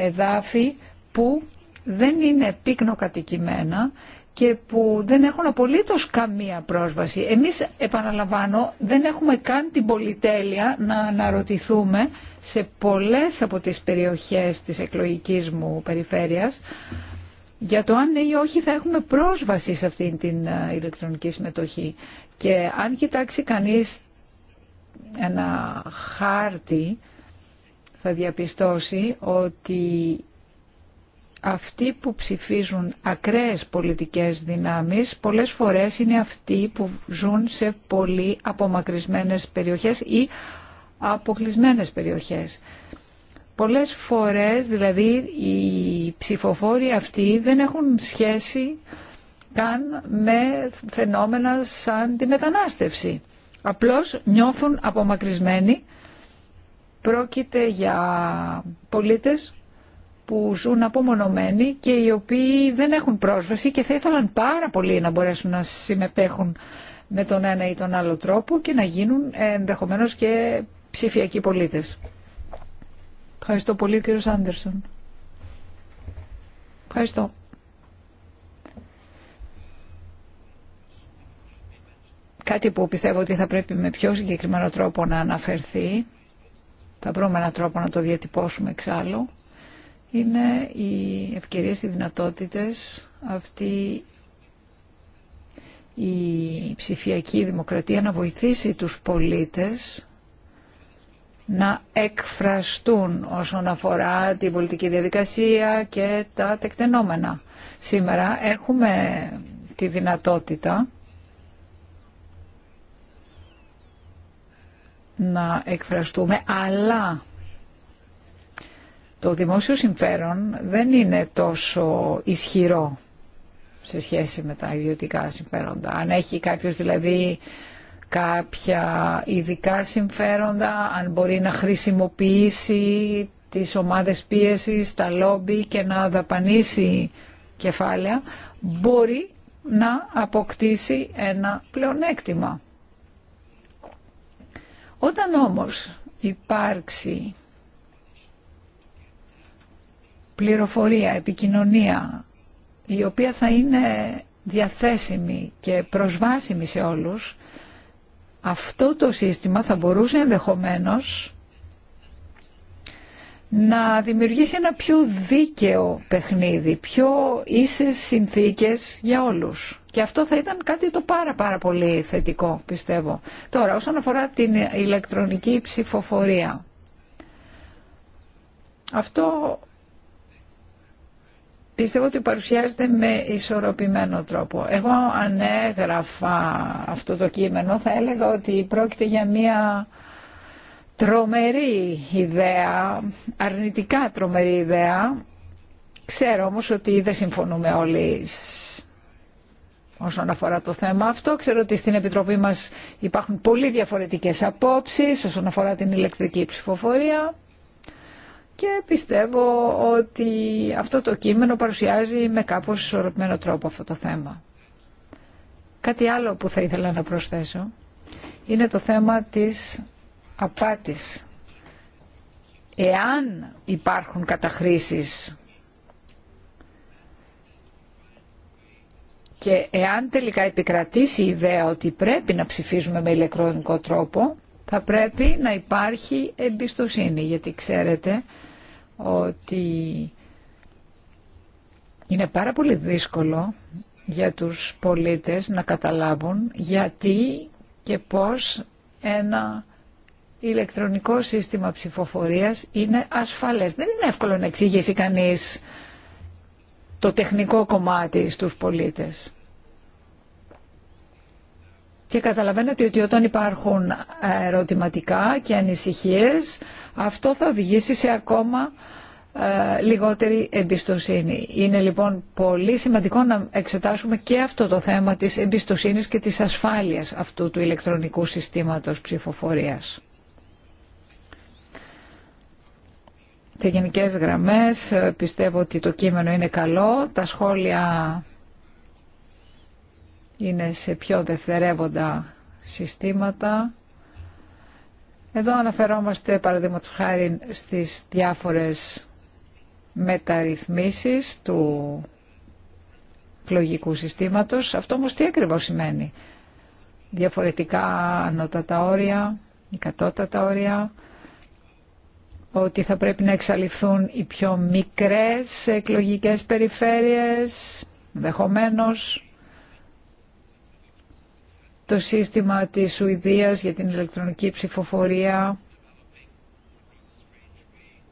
εδάφη που δεν είναι πύκνο κατοικημένα και που δεν έχουν απολύτως καμία πρόσβαση. Εμείς, επαναλαμβάνω, δεν έχουμε καν την πολυτέλεια να αναρωτηθούμε σε πολλές από τις περιοχές της εκλογικής μου περιφέρειας για το αν ή όχι θα έχουμε πρόσβαση σε αυτή την ε, ηλεκτρονική συμμετοχή. Και αν κοιτάξει κανείς ένα χάρτη θα διαπιστώσει ότι αυτοί που ψηφίζουν ακραίες πολιτικές δυνάμεις πολλές φορές είναι αυτοί που ζουν σε πολύ απομακρυσμένες περιοχές ή αποκλεισμένες περιοχές. Πολλές φορές δηλαδή οι ψηφοφόροι αυτοί δεν έχουν σχέση καν με φαινόμενα σαν τη μετανάστευση. Απλώς νιώθουν απομακρυσμένοι. Πρόκειται για πολίτες που ζουν απομονωμένοι και οι οποίοι δεν έχουν πρόσβαση και θα ήθελαν πάρα πολύ να μπορέσουν να συμμετέχουν με τον ένα ή τον άλλο τρόπο και να γίνουν ενδεχομένως και ψηφιακοί πολίτες. Ευχαριστώ πολύ κύριο Άντερσον. Ευχαριστώ. Κάτι που πιστεύω ότι θα πρέπει με πιο συγκεκριμένο τρόπο να αναφερθεί, θα βρούμε έναν τρόπο να το διατυπώσουμε εξάλλου, είναι οι ευκαιρίες, οι δυνατότητες, αυτή η ψηφιακή δημοκρατία να βοηθήσει τους πολίτες να εκφραστούν όσον αφορά την πολιτική διαδικασία και τα τεκτενόμενα. Σήμερα έχουμε τη δυνατότητα να εκφραστούμε, αλλά το δημόσιο συμφέρον δεν είναι τόσο ισχυρό σε σχέση με τα ιδιωτικά συμφέροντα. Αν έχει κάποιος δηλαδή κάποια ειδικά συμφέροντα, αν μπορεί να χρησιμοποιήσει τις ομάδες πίεσης, τα λόμπι και να δαπανίσει κεφάλαια, μπορεί να αποκτήσει ένα πλεονέκτημα. Όταν όμως υπάρξει πληροφορία, επικοινωνία, η οποία θα είναι διαθέσιμη και προσβάσιμη σε όλους, αυτό το σύστημα θα μπορούσε ενδεχομένως να δημιουργήσει ένα πιο δίκαιο παιχνίδι, πιο ίσες συνθήκες για όλους. Και αυτό θα ήταν κάτι το πάρα πάρα πολύ θετικό, πιστεύω. Τώρα, όσον αφορά την ηλεκτρονική ψηφοφορία, αυτό Πιστεύω ότι παρουσιάζεται με ισορροπημένο τρόπο. Εγώ αν έγραφα αυτό το κείμενο θα έλεγα ότι πρόκειται για μια τρομερή ιδέα, αρνητικά τρομερή ιδέα. Ξέρω όμως ότι δεν συμφωνούμε όλοι όσον αφορά το θέμα αυτό. Ξέρω ότι στην Επιτροπή μας υπάρχουν πολύ διαφορετικές απόψεις όσον αφορά την ηλεκτρική ψηφοφορία και πιστεύω ότι αυτό το κείμενο παρουσιάζει με κάπως ισορροπημένο τρόπο αυτό το θέμα. Κάτι άλλο που θα ήθελα να προσθέσω είναι το θέμα της απάτης. Εάν υπάρχουν καταχρήσεις και εάν τελικά επικρατήσει η ιδέα ότι πρέπει να ψηφίζουμε με ηλεκτρονικό τρόπο, θα πρέπει να υπάρχει εμπιστοσύνη γιατί ξέρετε ότι είναι πάρα πολύ δύσκολο για τους πολίτες να καταλάβουν γιατί και πώς ένα ηλεκτρονικό σύστημα ψηφοφορίας είναι ασφαλές. Δεν είναι εύκολο να εξηγήσει κανείς το τεχνικό κομμάτι στους πολίτες. Και καταλαβαίνετε ότι όταν υπάρχουν ε, ερωτηματικά και ανησυχίες, αυτό θα οδηγήσει σε ακόμα ε, λιγότερη εμπιστοσύνη. Είναι λοιπόν πολύ σημαντικό να εξετάσουμε και αυτό το θέμα της εμπιστοσύνης και της ασφάλειας αυτού του ηλεκτρονικού συστήματος ψηφοφορίας. Σε γενικές γραμμές ε, πιστεύω ότι το κείμενο είναι καλό. Τα σχόλια είναι σε πιο δευτερεύοντα συστήματα. Εδώ αναφερόμαστε παραδείγματος χάρη στις διάφορες μεταρρυθμίσεις του εκλογικού συστήματος. Αυτό όμως τι ακριβώς σημαίνει. Διαφορετικά ανώτατα όρια, κατώτατα όρια, ότι θα πρέπει να εξαλειφθούν οι πιο μικρές εκλογικές περιφέρειες, δεχομένως το σύστημα της Σουηδίας για την ηλεκτρονική ψηφοφορία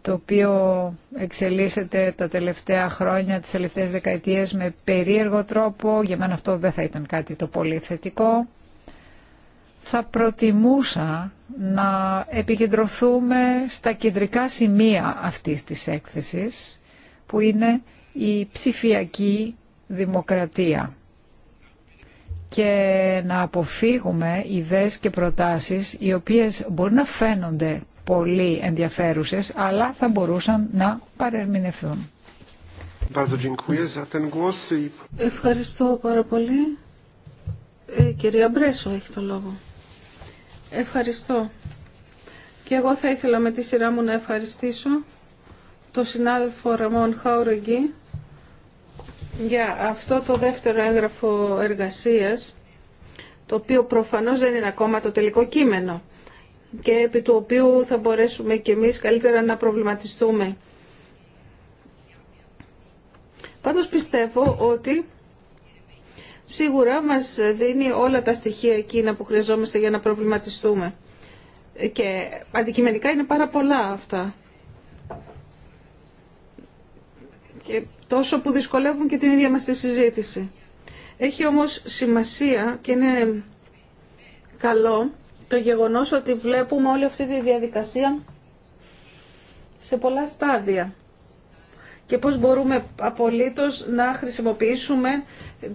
το οποίο εξελίσσεται τα τελευταία χρόνια, τις τελευταίες δεκαετίες με περίεργο τρόπο. Για μένα αυτό δεν θα ήταν κάτι το πολύ θετικό. Θα προτιμούσα να επικεντρωθούμε στα κεντρικά σημεία αυτής της έκθεσης που είναι η ψηφιακή δημοκρατία. Και να αποφύγουμε ιδέες και προτάσεις οι οποίες μπορεί να φαίνονται πολύ ενδιαφέρουσες αλλά θα μπορούσαν να παρερμηνευθούν. Ευχαριστώ πάρα πολύ. Ε, κυρία Μπρέσο έχει το λόγο. Ευχαριστώ. Και εγώ θα ήθελα με τη σειρά μου να ευχαριστήσω τον συνάδελφο Ραμόν Χάουρεγγι για αυτό το δεύτερο έγγραφο εργασίας το οποίο προφανώς δεν είναι ακόμα το τελικό κείμενο και επί του οποίου θα μπορέσουμε και εμείς καλύτερα να προβληματιστούμε. Πάντως πιστεύω ότι σίγουρα μας δίνει όλα τα στοιχεία εκείνα που χρειαζόμαστε για να προβληματιστούμε. Και αντικειμενικά είναι πάρα πολλά αυτά. Και τόσο που δυσκολεύουν και την ίδια μας τη συζήτηση. Έχει όμως σημασία και είναι καλό το γεγονός ότι βλέπουμε όλη αυτή τη διαδικασία σε πολλά στάδια και πώς μπορούμε απολύτως να χρησιμοποιήσουμε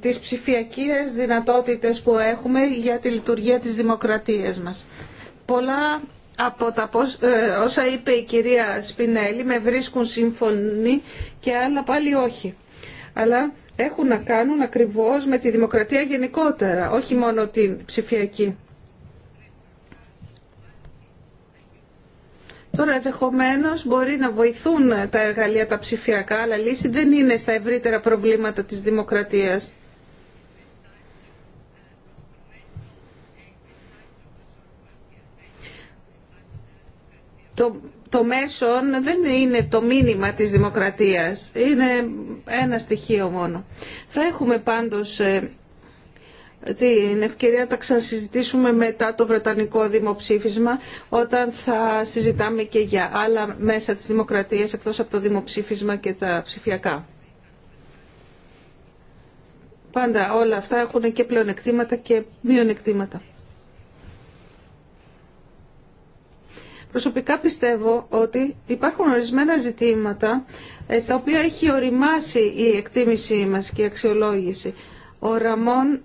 τις ψηφιακές δυνατότητες που έχουμε για τη λειτουργία της δημοκρατίας μας. Πολλά από τα ε, όσα είπε η κυρία Σπινέλη με βρίσκουν σύμφωνοι και άλλα πάλι όχι. Αλλά έχουν να κάνουν ακριβώς με τη δημοκρατία γενικότερα, όχι μόνο την ψηφιακή. Τώρα ενδεχομένω μπορεί να βοηθούν τα εργαλεία τα ψηφιακά, αλλά λύση δεν είναι στα ευρύτερα προβλήματα της δημοκρατίας. Το το μέσον δεν είναι το μήνυμα της δημοκρατίας. Είναι ένα στοιχείο μόνο. Θα έχουμε πάντως ε, την ευκαιρία να τα ξανασυζητήσουμε μετά το Βρετανικό Δημοψήφισμα όταν θα συζητάμε και για άλλα μέσα της δημοκρατίας εκτός από το δημοψήφισμα και τα ψηφιακά. Πάντα όλα αυτά έχουν και πλεονεκτήματα και μειονεκτήματα. Προσωπικά πιστεύω ότι υπάρχουν ορισμένα ζητήματα ε, στα οποία έχει οριμάσει η εκτίμησή μας και η αξιολόγηση. Ο Ραμόν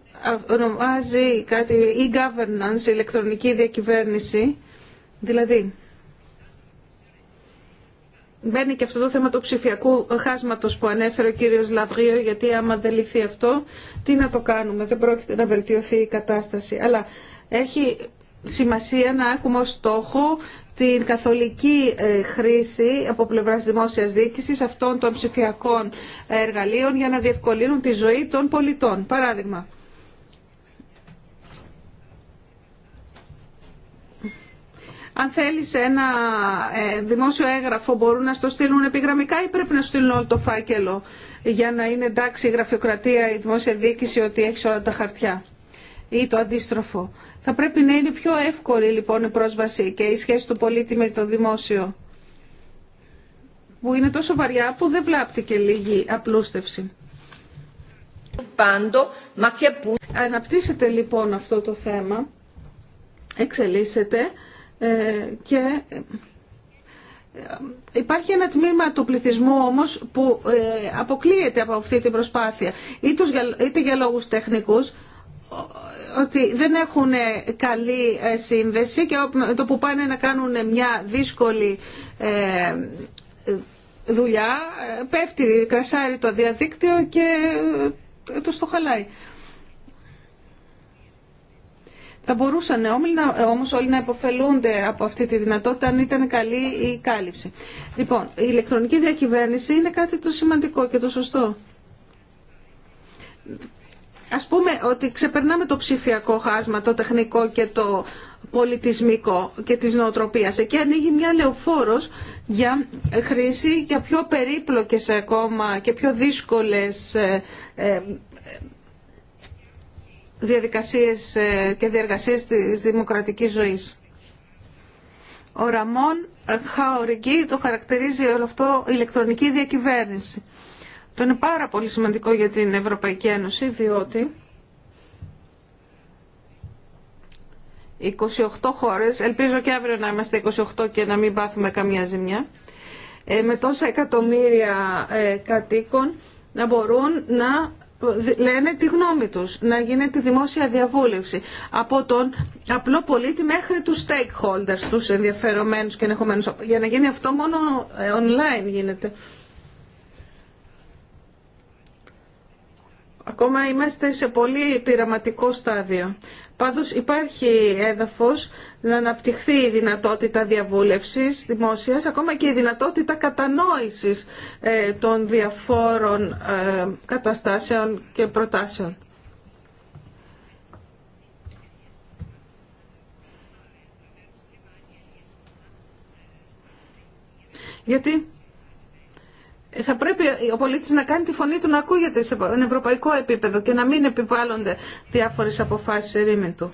ονομάζει κάτι e-governance, ηλεκτρονική διακυβέρνηση, δηλαδή μπαίνει και αυτό το θέμα του ψηφιακού χάσματος που ανέφερε ο κύριος Λαβρίο, γιατί άμα δεν λυθεί αυτό, τι να το κάνουμε, δεν πρόκειται να βελτιωθεί η κατάσταση. Αλλά έχει σημασία να έχουμε ως στόχο την καθολική ε, χρήση από πλευράς δημόσιας διοίκησης αυτών των ψηφιακών εργαλείων για να διευκολύνουν τη ζωή των πολιτών. Παράδειγμα. Αν θέλει ένα ε, δημόσιο έγγραφο μπορούν να στο στείλουν επιγραμμικά ή πρέπει να στείλουν όλο το φάκελο για να είναι εντάξει η γραφειοκρατία, η δημόσια διοίκηση ότι έχει όλα τα χαρτιά ή το αντίστροφο. Θα πρέπει να είναι πιο εύκολη λοιπόν η πρόσβαση και η σχέση του πολίτη με το δημόσιο που είναι τόσο βαριά που δεν βλάπτει και λίγη απλούστευση. Πάντο, μα και που... Αναπτύσσεται λοιπόν αυτό το θέμα, εξελίσσεται ε, και ε, υπάρχει ένα τμήμα του πληθυσμού όμως που ε, αποκλείεται από αυτή την προσπάθεια, είτε για λόγους τεχνικούς, ότι δεν έχουν καλή ε, σύνδεση και το που πάνε να κάνουν μια δύσκολη ε, δουλειά ε, πέφτει, κρασάρει το διαδίκτυο και το χαλάει. Θα μπορούσαν όμως όλοι να υποφελούνται από αυτή τη δυνατότητα αν ήταν καλή η κάλυψη. Λοιπόν, η ηλεκτρονική διακυβέρνηση είναι κάτι το σημαντικό και το σωστό. Ας πούμε ότι ξεπερνάμε το ψηφιακό χάσμα, το τεχνικό και το πολιτισμικό και της νοοτροπίας. Εκεί ανοίγει μια λεωφόρος για χρήση για πιο περίπλοκες ακόμα και πιο δύσκολες ε, ε, διαδικασίες ε, και διεργασίες της δημοκρατικής ζωής. Ο Ραμόν Χαοριγκή το χαρακτηρίζει όλο αυτό ηλεκτρονική διακυβέρνηση. Το είναι πάρα πολύ σημαντικό για την Ευρωπαϊκή Ένωση, διότι 28 χώρες, ελπίζω και αύριο να είμαστε 28 και να μην πάθουμε καμία ζημιά, ε, με τόσα εκατομμύρια ε, κατοίκων να μπορούν να λένε τη γνώμη τους, να γίνεται δημόσια διαβούλευση από τον απλό πολίτη μέχρι τους stakeholders, τους ενδιαφερομένους και ενεχομένους. Για να γίνει αυτό μόνο ε, online γίνεται. Ακόμα είμαστε σε πολύ πειραματικό στάδιο. Πάντως υπάρχει έδαφος να αναπτυχθεί η δυνατότητα διαβούλευσης δημόσιας, ακόμα και η δυνατότητα κατανόησης ε, των διαφόρων ε, καταστάσεων και προτάσεων. Γιατί θα πρέπει ο πολίτη να κάνει τη φωνή του να ακούγεται σε ευρωπαϊκό επίπεδο και να μην επιβάλλονται διάφορες αποφάσεις σε του.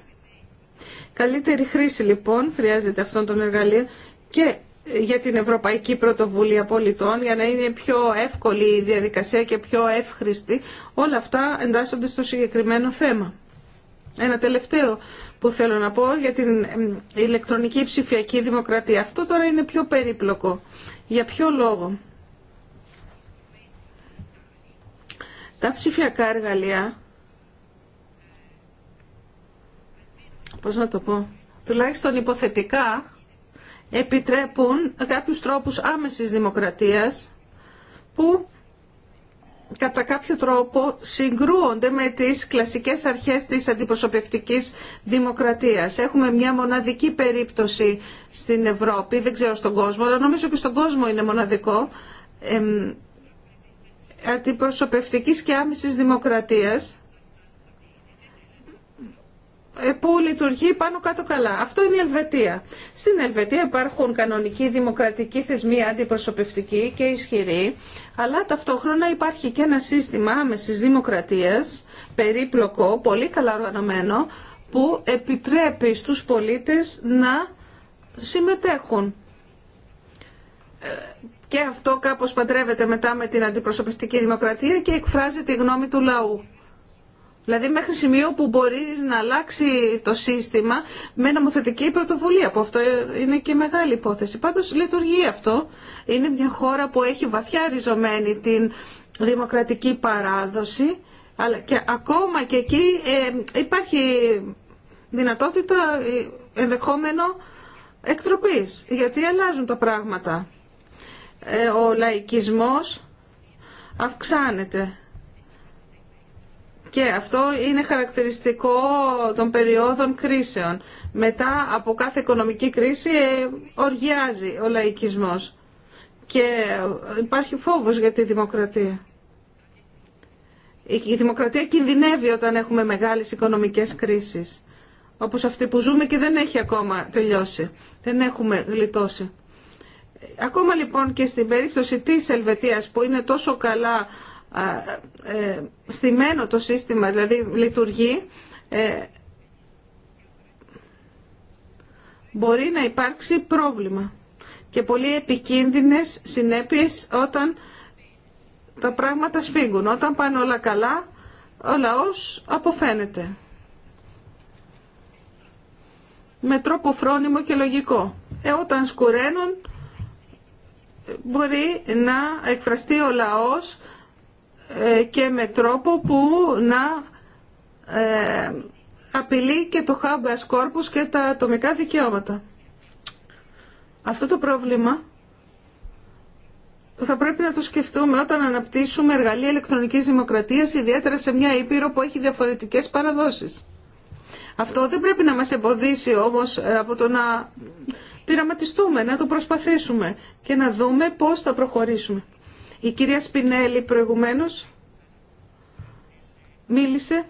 Καλύτερη χρήση λοιπόν χρειάζεται αυτών των εργαλείων και ε, για την Ευρωπαϊκή Πρωτοβουλία Πολιτών για να είναι πιο εύκολη η διαδικασία και πιο εύχρηστη. Όλα αυτά εντάσσονται στο συγκεκριμένο θέμα. Ένα τελευταίο που θέλω να πω για την ηλεκτρονική ψηφιακή δημοκρατία. Αυτό τώρα είναι πιο περίπλοκο. Για ποιο λόγο. τα ψηφιακά εργαλεία, πώς να το πω, τουλάχιστον υποθετικά, επιτρέπουν κάποιους τρόπους άμεσης δημοκρατίας που κατά κάποιο τρόπο συγκρούονται με τις κλασικές αρχές της αντιπροσωπευτικής δημοκρατίας. Έχουμε μια μοναδική περίπτωση στην Ευρώπη, δεν ξέρω στον κόσμο, αλλά νομίζω και στον κόσμο είναι μοναδικό, αντιπροσωπευτικής και άμεσης δημοκρατίας ε, που λειτουργεί πάνω κάτω καλά. Αυτό είναι η Ελβετία. Στην Ελβετία υπάρχουν κανονικοί δημοκρατικοί θεσμοί αντιπροσωπευτικοί και ισχυροί, αλλά ταυτόχρονα υπάρχει και ένα σύστημα άμεσης δημοκρατίας, περίπλοκο, πολύ καλά οργανωμένο, που επιτρέπει στους πολίτες να συμμετέχουν ε, και αυτό κάπως παντρεύεται μετά με την αντιπροσωπευτική δημοκρατία και εκφράζει τη γνώμη του λαού. Δηλαδή μέχρι σημείο που μπορεί να αλλάξει το σύστημα με νομοθετική πρωτοβουλία, που αυτό είναι και μεγάλη υπόθεση. Πάντως λειτουργεί αυτό. Είναι μια χώρα που έχει βαθιά ριζωμένη την δημοκρατική παράδοση, αλλά και ακόμα και εκεί ε, υπάρχει δυνατότητα ε, ενδεχόμενο εκτροπής, γιατί αλλάζουν τα πράγματα. Ε, ο λαϊκισμός αυξάνεται. Και αυτό είναι χαρακτηριστικό των περιόδων κρίσεων. Μετά από κάθε οικονομική κρίση ε, οργιάζει ο λαϊκισμός και υπάρχει φόβος για τη δημοκρατία. Η δημοκρατία κινδυνεύει όταν έχουμε μεγάλες οικονομικές κρίσεις, όπως αυτή που ζούμε και δεν έχει ακόμα τελειώσει, δεν έχουμε γλιτώσει. Ακόμα λοιπόν και στην περίπτωση της Ελβετίας που είναι τόσο καλά ε, στημένο το σύστημα, δηλαδή λειτουργεί, ε, μπορεί να υπάρξει πρόβλημα και πολύ επικίνδυνες συνέπειες όταν τα πράγματα σφίγγουν. Όταν πάνε όλα καλά, ο λαός αποφαίνεται. Με τρόπο φρόνιμο και λογικό. Ε, όταν σκουραίνουν, μπορεί να εκφραστεί ο λαός ε, και με τρόπο που να ε, απειλεί και το habeas κόρπους και τα ατομικά δικαιώματα. Αυτό το πρόβλημα θα πρέπει να το σκεφτούμε όταν αναπτύσσουμε εργαλεία ηλεκτρονικής δημοκρατίας, ιδιαίτερα σε μια ήπειρο που έχει διαφορετικές παραδόσεις. Αυτό δεν πρέπει να μας εμποδίσει όμως ε, από το να πειραματιστούμε, να το προσπαθήσουμε και να δούμε πώς θα προχωρήσουμε. Η κυρία Σπινέλη προηγουμένως μίλησε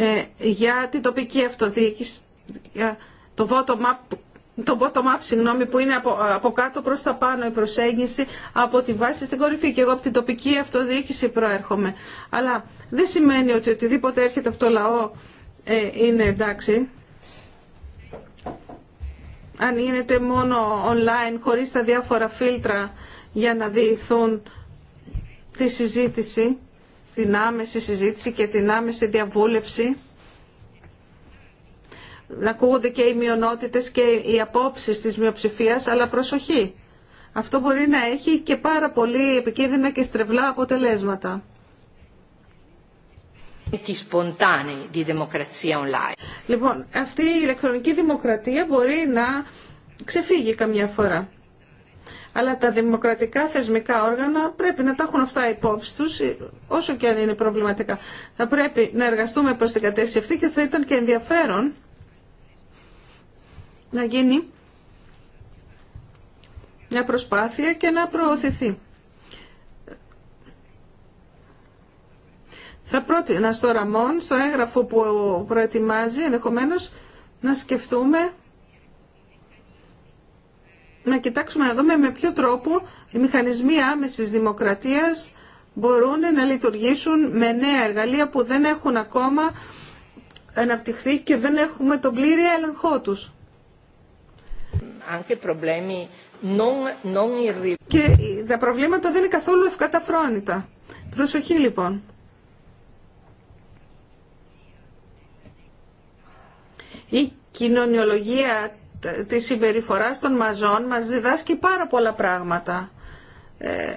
ε, για την τοπική αυτοδιοίκηση, για το bottom-up το bottom συγγνώμη, που είναι από, από κάτω προς τα πάνω η προσέγγιση από τη βάση στην κορυφή και εγώ από την τοπική αυτοδιοίκηση προέρχομαι. Αλλά δεν σημαίνει ότι οτιδήποτε έρχεται από το λαό ε, είναι εντάξει αν γίνεται μόνο online χωρίς τα διάφορα φίλτρα για να διηθούν τη συζήτηση, την άμεση συζήτηση και την άμεση διαβούλευση. Να ακούγονται και οι μειονότητες και οι απόψεις της μειοψηφίας, αλλά προσοχή. Αυτό μπορεί να έχει και πάρα πολύ επικίνδυνα και στρεβλά αποτελέσματα. Λοιπόν, αυτή η ηλεκτρονική δημοκρατία μπορεί να ξεφύγει καμιά φορά. Αλλά τα δημοκρατικά θεσμικά όργανα πρέπει να τα έχουν αυτά υπόψη του όσο και αν είναι προβληματικά. Θα πρέπει να εργαστούμε προ την κατεύθυνση αυτή και θα ήταν και ενδιαφέρον να γίνει μια προσπάθεια και να προωθηθεί. Θα πρότεινα στο Ραμόν, στο έγγραφο που προετοιμάζει, ενδεχομένως να σκεφτούμε, να κοιτάξουμε να δούμε με ποιο τρόπο οι μηχανισμοί άμεσης δημοκρατίας μπορούν να λειτουργήσουν με νέα εργαλεία που δεν έχουν ακόμα αναπτυχθεί και δεν έχουμε τον πλήρη έλεγχό τους. Και τα προβλήματα δεν είναι καθόλου ευκαταφρόνητα. Προσοχή λοιπόν. Η κοινωνιολογία της συμπεριφοράς των μαζών μας διδάσκει πάρα πολλά πράγματα. Ε,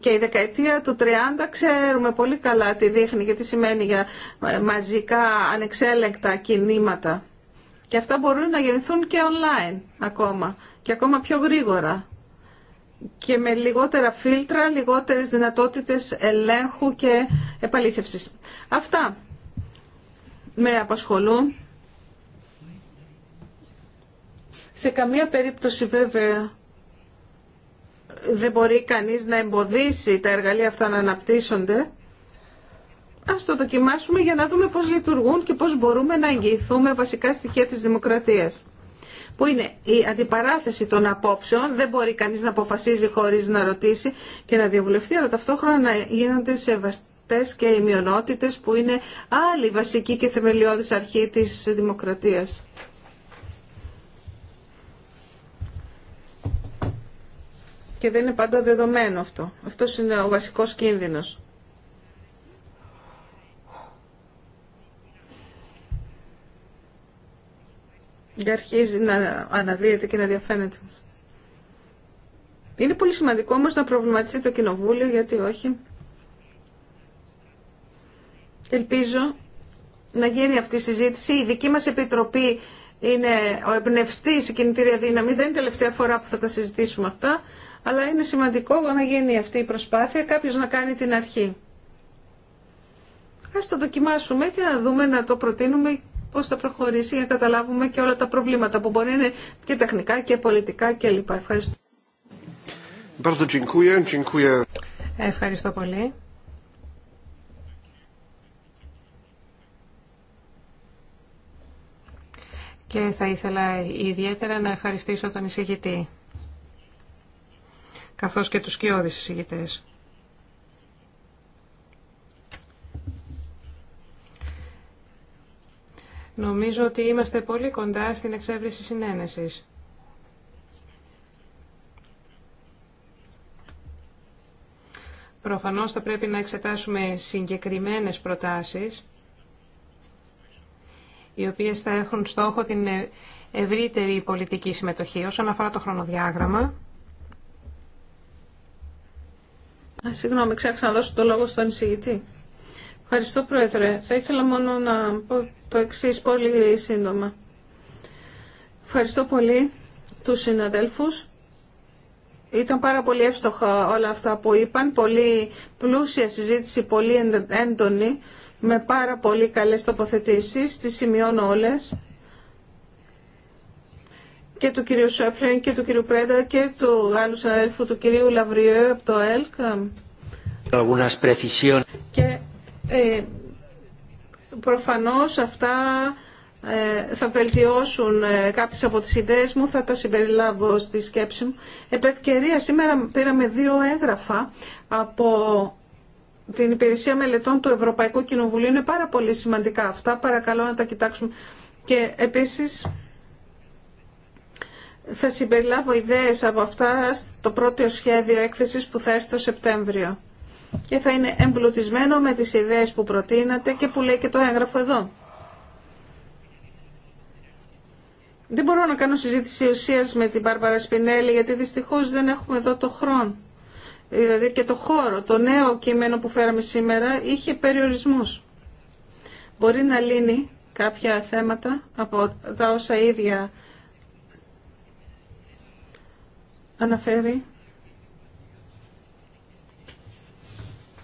και η δεκαετία του 30 ξέρουμε πολύ καλά τι δείχνει και τι σημαίνει για ε, μαζικά ανεξέλεγκτα κινήματα. Και αυτά μπορούν να γεννηθούν και online ακόμα και ακόμα πιο γρήγορα και με λιγότερα φίλτρα, λιγότερες δυνατότητες ελέγχου και επαλήθευσης. Αυτά με απασχολούν Σε καμία περίπτωση βέβαια δεν μπορεί κανείς να εμποδίσει τα εργαλεία αυτά να αναπτύσσονται. Ας το δοκιμάσουμε για να δούμε πώς λειτουργούν και πώς μπορούμε να εγγυηθούμε βασικά στοιχεία της δημοκρατίας. Που είναι η αντιπαράθεση των απόψεων, δεν μπορεί κανείς να αποφασίζει χωρίς να ρωτήσει και να διαβουλευτεί, αλλά ταυτόχρονα να γίνονται σεβαστές και οι που είναι άλλη βασική και θεμελιώδης αρχή της δημοκρατίας. και δεν είναι πάντα δεδομένο αυτό. Αυτό είναι ο βασικός κίνδυνος. Και αρχίζει να αναδύεται και να διαφαίνεται. Είναι πολύ σημαντικό όμως να προβληματιστεί το Κοινοβούλιο, γιατί όχι. Ελπίζω να γίνει αυτή η συζήτηση. Η δική μας Επιτροπή είναι ο εμπνευστή, η κινητήρια δύναμη. Δεν είναι τελευταία φορά που θα τα συζητήσουμε αυτά αλλά είναι σημαντικό να γίνει αυτή η προσπάθεια, κάποιος να κάνει την αρχή. Ας το δοκιμάσουμε και να δούμε, να το προτείνουμε πώς θα προχωρήσει για να καταλάβουμε και όλα τα προβλήματα που μπορεί να είναι και τεχνικά και πολιτικά κλπ. Ευχαριστώ. Ευχαριστώ πολύ. Και θα ήθελα ιδιαίτερα να ευχαριστήσω τον εισηγητή καθώς και τους σκιώδης εισηγητές. Νομίζω ότι είμαστε πολύ κοντά στην εξέβριση συνένεσης. Προφανώς θα πρέπει να εξετάσουμε συγκεκριμένες προτάσεις, οι οποίες θα έχουν στόχο την ευρύτερη πολιτική συμμετοχή. Όσον αφορά το χρονοδιάγραμμα, Συγγνώμη, ξέχασα να δώσω το λόγο στον εισηγητή. Ευχαριστώ, Πρόεδρε. Θα ήθελα μόνο να πω το εξή πολύ σύντομα. Ευχαριστώ πολύ τους συναδέλφους. Ήταν πάρα πολύ εύστοχα όλα αυτά που είπαν. Πολύ πλούσια συζήτηση, πολύ έντονη, με πάρα πολύ καλές τοποθετήσεις. Τις σημειώνω όλες και του κυρίου Σόφλεν και του κυρίου Πρέντα και του άλλου συναδέλφου του κυρίου Λαβριέ από το ΕΛΚ. Και ε, προφανώς αυτά ε, θα βελτιώσουν ε, κάποιες από τις ιδέες μου, θα τα συμπεριλάβω στη σκέψη μου. Επ' ευκαιρία, σήμερα πήραμε δύο έγγραφα από την Υπηρεσία Μελετών του Ευρωπαϊκού Κοινοβουλίου. Είναι πάρα πολύ σημαντικά αυτά, παρακαλώ να τα κοιτάξουμε. Και επίσης θα συμπεριλάβω ιδέες από αυτά στο πρώτο σχέδιο έκθεσης που θα έρθει το Σεπτέμβριο και θα είναι εμπλουτισμένο με τις ιδέες που προτείνατε και που λέει και το έγγραφο εδώ. Δεν μπορώ να κάνω συζήτηση ουσίας με την Μπάρμπαρα Σπινέλη γιατί δυστυχώς δεν έχουμε εδώ το χρόνο. Δηλαδή και το χώρο, το νέο κείμενο που φέραμε σήμερα είχε περιορισμούς. Μπορεί να λύνει κάποια θέματα από τα όσα ίδια αναφέρει.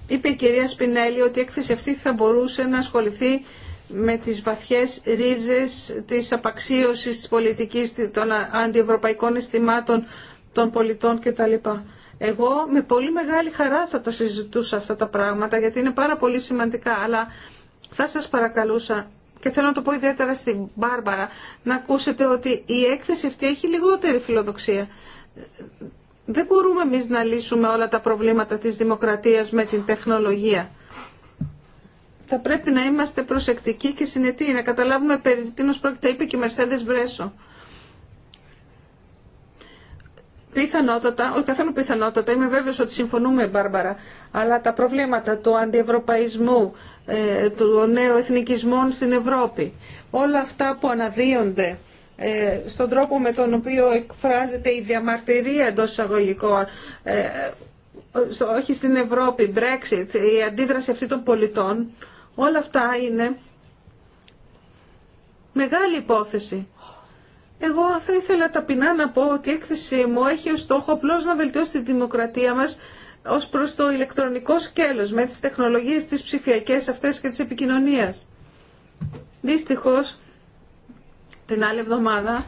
Είπε η κυρία Σπινέλη ότι η έκθεση αυτή θα μπορούσε να ασχοληθεί με τις βαθιές ρίζες της απαξίωσης της πολιτικής των αντιευρωπαϊκών αισθημάτων των πολιτών κτλ. Εγώ με πολύ μεγάλη χαρά θα τα συζητούσα αυτά τα πράγματα γιατί είναι πάρα πολύ σημαντικά αλλά θα σας παρακαλούσα και θέλω να το πω ιδιαίτερα στην Μπάρμπαρα να ακούσετε ότι η έκθεση αυτή έχει λιγότερη φιλοδοξία δεν μπορούμε εμείς να λύσουμε όλα τα προβλήματα της δημοκρατίας με την τεχνολογία. Θα πρέπει να είμαστε προσεκτικοί και συνετοί, να καταλάβουμε περί τίνος πρόκειται, είπε και η Μερσέντες Μπρέσο. Πιθανότατα, όχι καθόλου πιθανότατα, είμαι βέβαιος ότι συμφωνούμε Μπάρμπαρα, αλλά τα προβλήματα του αντιευρωπαϊσμού, ε, του νέου εθνικισμών στην Ευρώπη, όλα αυτά που αναδύονται ε, στον τρόπο με τον οποίο εκφράζεται η διαμαρτυρία εντό εισαγωγικών ε, όχι στην Ευρώπη, Brexit, η αντίδραση αυτή των πολιτών, όλα αυτά είναι μεγάλη υπόθεση. Εγώ θα ήθελα ταπεινά να πω ότι η έκθεσή μου έχει ως στόχο απλώ να βελτιώσει τη δημοκρατία μας ως προς το ηλεκτρονικό σκέλος με τις τεχνολογίες, τις ψηφιακές αυτές και της επικοινωνίας. Δυστυχώς, την άλλη εβδομάδα,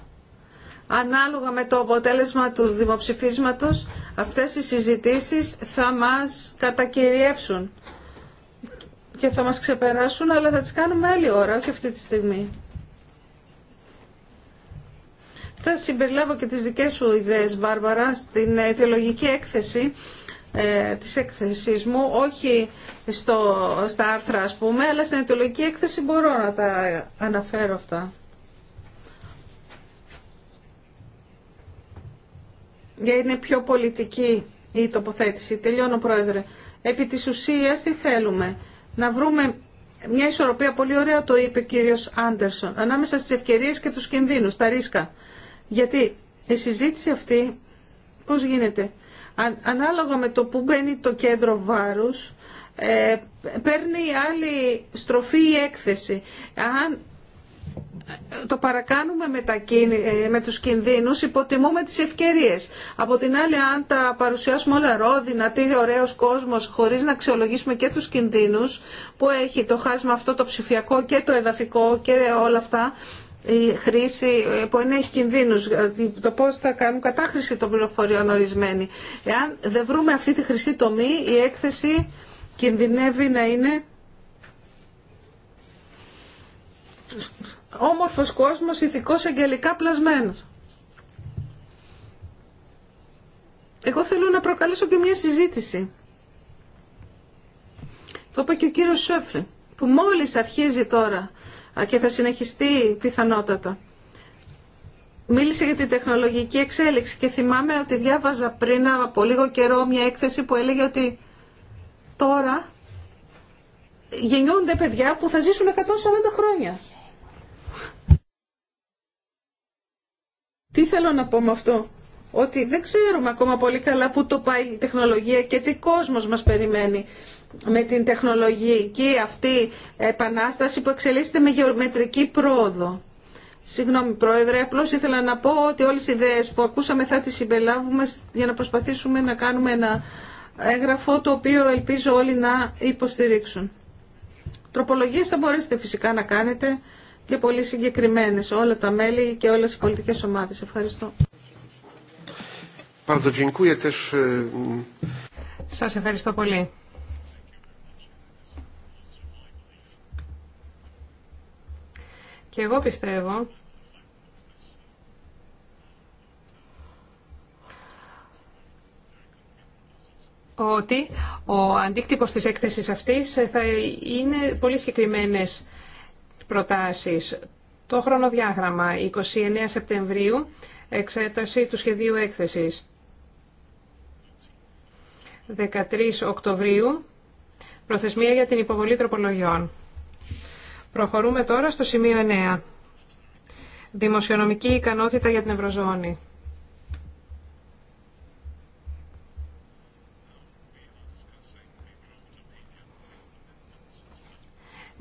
ανάλογα με το αποτέλεσμα του δημοψηφίσματος, αυτές οι συζητήσεις θα μας κατακυριεύσουν και θα μας ξεπεράσουν, αλλά θα τις κάνουμε άλλη ώρα, όχι αυτή τη στιγμή. Θα συμπεριλάβω και τις δικές σου ιδέες, Μπάρμπαρα, στην αιτιολογική έκθεση ε, της έκθεσης μου, όχι στο, στα άρθρα ας πούμε, αλλά στην αιτιολογική έκθεση μπορώ να τα αναφέρω αυτά. για είναι πιο πολιτική η τοποθέτηση. Τελειώνω, Πρόεδρε. Επί της ουσίας τι θέλουμε. Να βρούμε μια ισορροπία, πολύ ωραία το είπε κύριος Άντερσον, ανάμεσα στις ευκαιρίες και τους κινδύνους, τα ρίσκα. Γιατί η συζήτηση αυτή, πώς γίνεται, ανάλογα με το που μπαίνει το κέντρο βάρους, ε, παίρνει άλλη στροφή η έκθεση. Αν το παρακάνουμε με, τα, ε, με τους κινδύνους, υποτιμούμε τις ευκαιρίες. Από την άλλη, αν τα παρουσιάσουμε όλα ρόδινα, τι ωραίος κόσμος, χωρίς να αξιολογήσουμε και τους κινδύνους που έχει το χάσμα αυτό το ψηφιακό και το εδαφικό και όλα αυτά, η χρήση ε, που έχει κινδύνους, δηλαδή, το πώς θα κάνουν κατάχρηση των πληροφοριών ορισμένη. Εάν δεν βρούμε αυτή τη χρυσή τομή, η έκθεση κινδυνεύει να είναι όμορφος κόσμος ηθικός αγγελικά πλασμένος. Εγώ θέλω να προκαλέσω και μια συζήτηση. Το είπε και ο κύριος Σόφλη, που μόλις αρχίζει τώρα και θα συνεχιστεί πιθανότατα. Μίλησε για την τεχνολογική εξέλιξη και θυμάμαι ότι διάβαζα πριν από λίγο καιρό μια έκθεση που έλεγε ότι τώρα γεννιούνται παιδιά που θα ζήσουν 140 χρόνια. Τι θέλω να πω με αυτό. Ότι δεν ξέρουμε ακόμα πολύ καλά πού το πάει η τεχνολογία και τι κόσμος μας περιμένει με την τεχνολογική αυτή επανάσταση που εξελίσσεται με γεωμετρική πρόοδο. Συγγνώμη Πρόεδρε, απλώς ήθελα να πω ότι όλες οι ιδέες που ακούσαμε θα τις συμπελάβουμε για να προσπαθήσουμε να κάνουμε ένα έγγραφο το οποίο ελπίζω όλοι να υποστηρίξουν. Τροπολογίες θα μπορέσετε φυσικά να κάνετε και πολύ συγκεκριμένες όλα τα μέλη και όλες οι πολιτικές ομάδες. Ευχαριστώ. Ε, Σας ευχαριστώ πολύ. Και εγώ πιστεύω ότι ο αντίκτυπος της έκθεσης αυτής θα είναι πολύ συγκεκριμένες προτάσεις. Το χρονοδιάγραμμα 29 Σεπτεμβρίου, εξέταση του σχεδίου έκθεσης. 13 Οκτωβρίου, προθεσμία για την υποβολή τροπολογιών. Προχωρούμε τώρα στο σημείο 9. Δημοσιονομική ικανότητα για την Ευρωζώνη.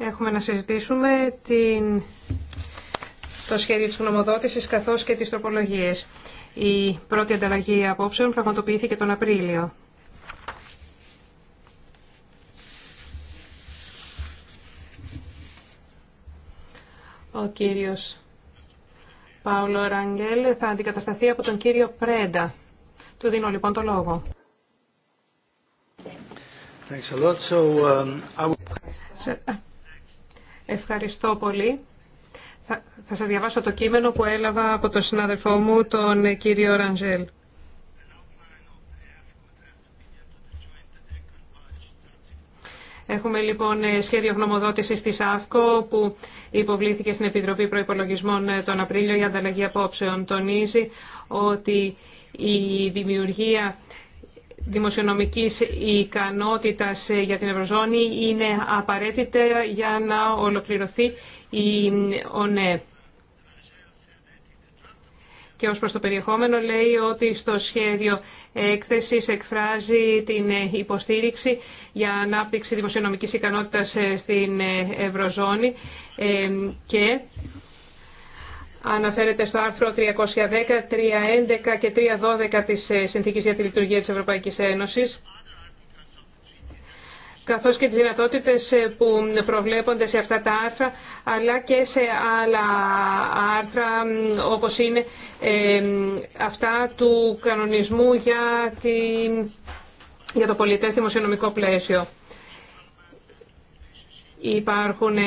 Έχουμε να συζητήσουμε την... το σχέδιο της γνωμοδότησης καθώς και τις τροπολογίες. Η πρώτη ανταλλαγή απόψεων πραγματοποιήθηκε τον Απρίλιο. Ο κύριος Παύλο Ραγγέλ θα αντικατασταθεί από τον κύριο Πρέντα. Του δίνω λοιπόν το λόγο. So, um, I... Ευχαριστώ πολύ. Θα, θα σας διαβάσω το κείμενο που έλαβα από τον συνάδελφό μου, τον κύριο Ραντζέλ. Έχουμε λοιπόν σχέδιο γνωμοδότηση τη ΑΦΚΟ που υποβλήθηκε στην Επιτροπή Προπολογισμών ε, τον Απρίλιο για ανταλλαγή απόψεων. Τονίζει ότι η δημιουργία δημοσιονομικής ικανότητας για την Ευρωζώνη είναι απαραίτητα για να ολοκληρωθεί η ΟΝΕ. Και ως προς το περιεχόμενο λέει ότι στο σχέδιο έκθεσης εκφράζει την υποστήριξη για ανάπτυξη δημοσιονομικής ικανότητας στην Ευρωζώνη ε, και αναφέρεται στο άρθρο 310, 311 και 312 της ε, Συνθήκης για τη Λειτουργία της Ευρωπαϊκής Ένωσης καθώς και τις δυνατότητες ε, που προβλέπονται σε αυτά τα άρθρα, αλλά και σε άλλα άρθρα όπως είναι ε, αυτά του κανονισμού για, το πολιτές δημοσιονομικό πλαίσιο. Υπάρχουν ε,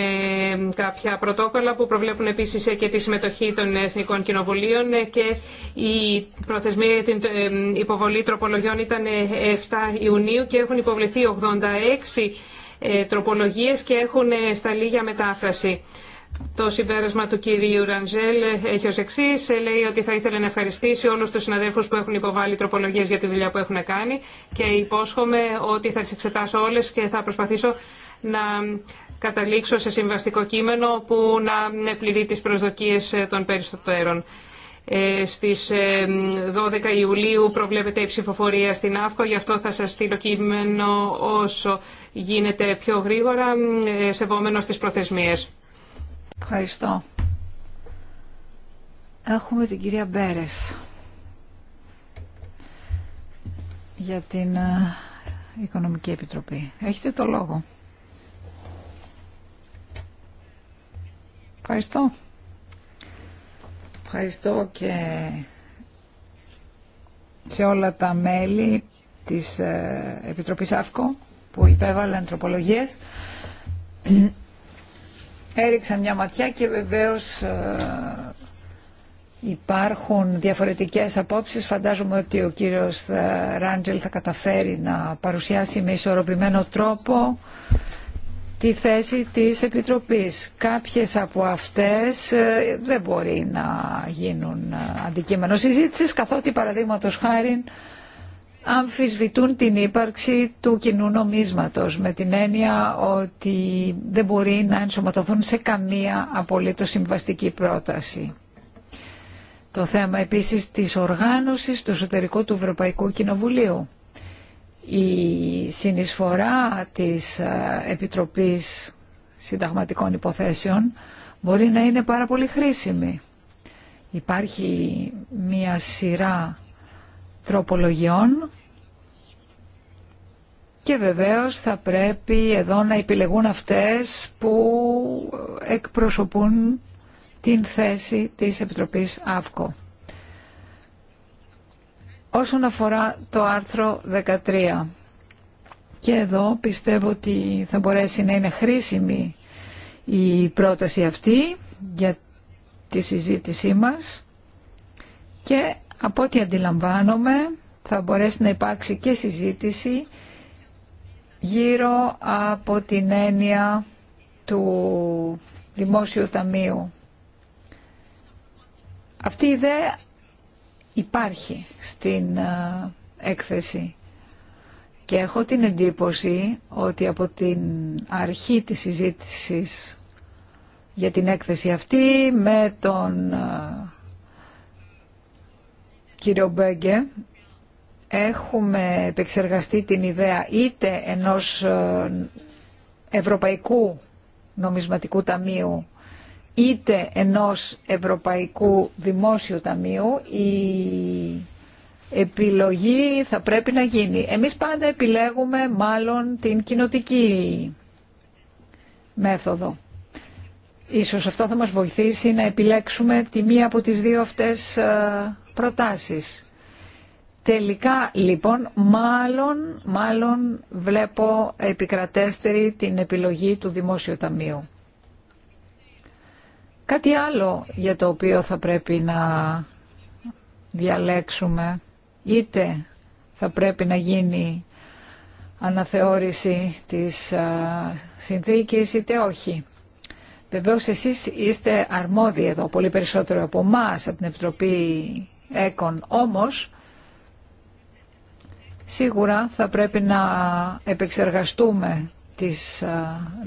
κάποια πρωτόκολλα που προβλέπουν επίσης ε, και τη συμμετοχή των Εθνικών Κοινοβουλίων ε, και η προθεσμία για την υποβολή τροπολογιών ήταν 7 Ιουνίου και έχουν υποβληθεί 86 τροπολογίες και έχουν σταλεί για μετάφραση. Το συμπέρασμα του κυρίου Ραντζέλ έχει ω εξή. Λέει ότι θα ήθελε να ευχαριστήσει όλου του συναδέλφου που έχουν υποβάλει τροπολογίε για τη δουλειά που έχουν κάνει και υπόσχομαι ότι θα τι εξετάσω όλε και θα προσπαθήσω να καταλήξω σε συμβαστικό κείμενο που να πληρεί τις προσδοκίες ε, των περισσότερων. Ε, στις 12 ε, Ιουλίου προβλέπεται η ψηφοφορία στην ΑΦΚΟ, γι' αυτό θα σας στείλω κείμενο όσο γίνεται πιο γρήγορα, σεβόμενο στις προθεσμίες. Ευχαριστώ. Έχουμε την κυρία Μπέρες για την Οικονομική Επιτροπή. Έχετε το λόγο. Ευχαριστώ. Ευχαριστώ και σε όλα τα μέλη της ε, Επιτροπής ΑΦΚΟ που υπέβαλαν τροπολογίες. <clears throat> Έριξα μια ματιά και βεβαίως ε, υπάρχουν διαφορετικές απόψεις. Φαντάζομαι ότι ο κύριος ε, Ράντζελ θα καταφέρει να παρουσιάσει με ισορροπημένο τρόπο τη θέση της Επιτροπής. Κάποιες από αυτές ε, δεν μπορεί να γίνουν ε, αντικείμενο συζήτησης, καθότι παραδείγματος χάρη αμφισβητούν την ύπαρξη του κοινού νομίσματος με την έννοια ότι δεν μπορεί να ενσωματωθούν σε καμία απολύτως συμβαστική πρόταση. Το θέμα επίσης της οργάνωσης του εσωτερικού του Ευρωπαϊκού Κοινοβουλίου η συνεισφορά της ε, Επιτροπής Συνταγματικών Υποθέσεων μπορεί να είναι πάρα πολύ χρήσιμη. Υπάρχει μία σειρά τροπολογιών και βεβαίως θα πρέπει εδώ να επιλεγούν αυτές που εκπροσωπούν την θέση της Επιτροπής ΑΦΚΟ. Όσον αφορά το άρθρο 13, και εδώ πιστεύω ότι θα μπορέσει να είναι χρήσιμη η πρόταση αυτή για τη συζήτησή μας και από ό,τι αντιλαμβάνομαι θα μπορέσει να υπάρξει και συζήτηση γύρω από την έννοια του Δημόσιου Ταμείου. Αυτή η ιδέα υπάρχει στην ε, έκθεση και έχω την εντύπωση ότι από την αρχή της συζήτησης για την έκθεση αυτή με τον ε, κύριο Μπέγκε έχουμε επεξεργαστεί την ιδέα είτε ενός ε, Ευρωπαϊκού Νομισματικού Ταμείου είτε ενός Ευρωπαϊκού Δημόσιου Ταμείου η επιλογή θα πρέπει να γίνει. Εμείς πάντα επιλέγουμε μάλλον την κοινοτική μέθοδο. Ίσως αυτό θα μας βοηθήσει να επιλέξουμε τη μία από τις δύο αυτές ε, προτάσεις. Τελικά λοιπόν μάλλον, μάλλον βλέπω επικρατέστερη την επιλογή του Δημόσιου Ταμείου. Κάτι άλλο για το οποίο θα πρέπει να διαλέξουμε είτε θα πρέπει να γίνει αναθεώρηση της συνθήκης είτε όχι. Βεβαίω εσείς είστε αρμόδιοι εδώ, πολύ περισσότερο από εμά από την Επιτροπή ΕΚΟΝ. Όμως, σίγουρα θα πρέπει να επεξεργαστούμε τις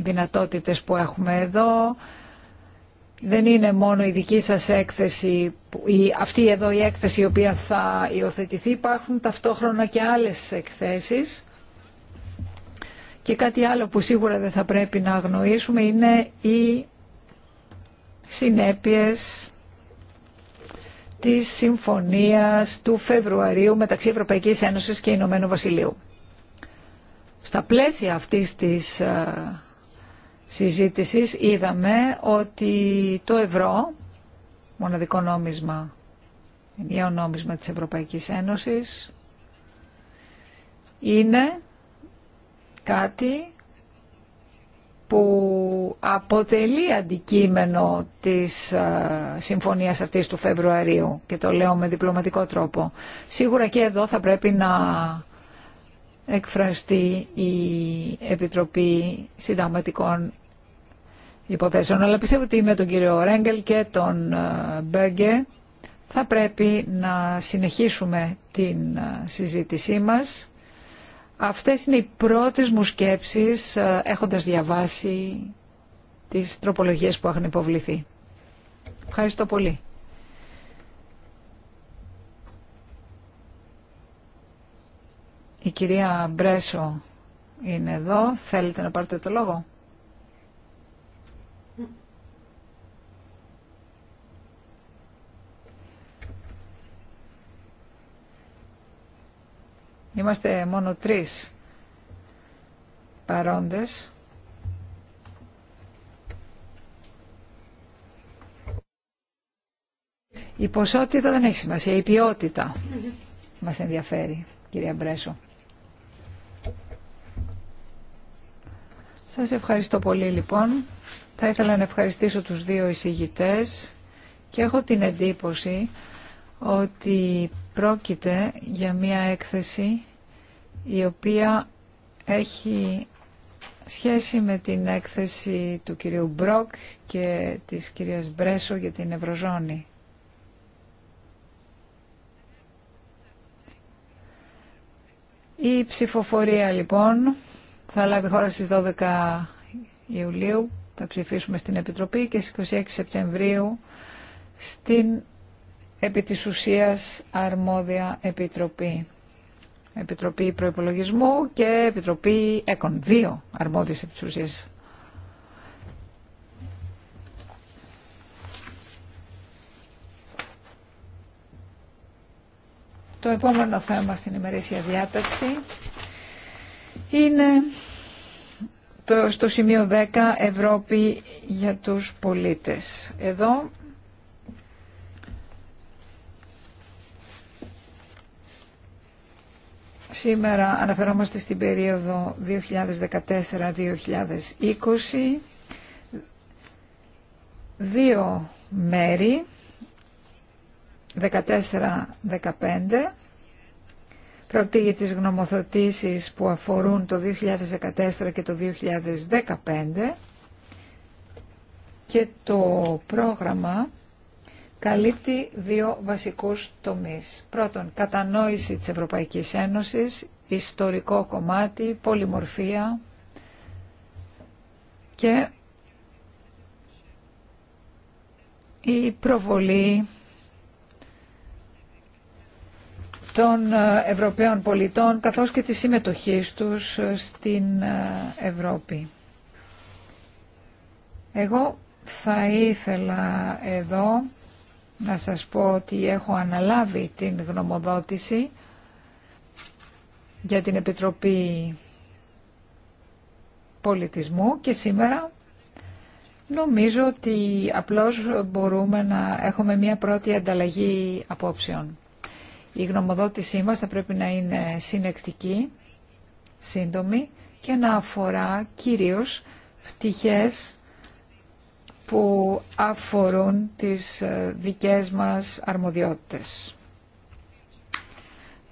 δυνατότητες που έχουμε εδώ, δεν είναι μόνο η δική σας έκθεση, η, αυτή εδώ η έκθεση η οποία θα υιοθετηθεί, υπάρχουν ταυτόχρονα και άλλες εκθέσεις. Και κάτι άλλο που σίγουρα δεν θα πρέπει να αγνοήσουμε είναι οι συνέπειες της συμφωνίας του Φεβρουαρίου μεταξύ Ευρωπαϊκής Ένωσης και Ηνωμένου Βασιλείου. Στα πλαίσια αυτής της ε, συζήτησης είδαμε ότι το ευρώ, μοναδικό νόμισμα, ενιαίο νόμισμα της Ευρωπαϊκής Ένωσης, είναι κάτι που αποτελεί αντικείμενο της ε, συμφωνίας αυτής του Φεβρουαρίου και το λέω με διπλωματικό τρόπο. Σίγουρα και εδώ θα πρέπει να εκφραστεί η Επιτροπή Συνταγματικών Υποθέσεων. Αλλά πιστεύω ότι με τον κύριο Ρέγκελ και τον ε, Μπέγκε θα πρέπει να συνεχίσουμε την ε, συζήτησή μας. Αυτές είναι οι πρώτες μου σκέψεις ε, έχοντας διαβάσει τις τροπολογίες που έχουν υποβληθεί. Ευχαριστώ πολύ. Η κυρία Μπρέσο είναι εδώ. Θέλετε να πάρετε το λόγο. Είμαστε μόνο τρεις παρόντες. Η ποσότητα δεν έχει σημασία, η ποιότητα μας ενδιαφέρει, κυρία Μπρέσο. Σας ευχαριστώ πολύ λοιπόν. Θα ήθελα να ευχαριστήσω τους δύο εισηγητές και έχω την εντύπωση ότι πρόκειται για μια έκθεση η οποία έχει σχέση με την έκθεση του κυρίου Μπρόκ και της κυρίας Μπρέσο για την Ευρωζώνη. Η ψηφοφορία λοιπόν θα λάβει χώρα στις 12 Ιουλίου, θα ψηφίσουμε στην Επιτροπή και στις 26 Σεπτεμβρίου στην επί αρμόδια Επιτροπή. Επιτροπή Προϋπολογισμού και Επιτροπή ΕΚΟΝ. Δύο αρμόδιες επί Το επόμενο θέμα στην ημερήσια διάταξη είναι το, στο σημείο 10 Ευρώπη για τους πολίτες. Εδώ σήμερα αναφερόμαστε στην περίοδο 2014-2020 δύο μέρη 14-15 προκτήγει για τις που αφορούν το 2014 και το 2015 και το πρόγραμμα καλύπτει δύο βασικούς τομείς. Πρώτον, κατανόηση της Ευρωπαϊκής Ένωσης, ιστορικό κομμάτι, πολυμορφία και η προβολή των ε, Ευρωπαίων πολιτών καθώς και τη συμμετοχή τους ε, στην ε, Ευρώπη. Εγώ θα ήθελα εδώ να σας πω ότι έχω αναλάβει την γνωμοδότηση για την Επιτροπή Πολιτισμού και σήμερα νομίζω ότι απλώς μπορούμε να έχουμε μια πρώτη ανταλλαγή απόψεων. Η γνωμοδότησή μας θα πρέπει να είναι συνεκτική, σύντομη και να αφορά κυρίως πτυχές που αφορούν τις ε, δικές μας αρμοδιότητες.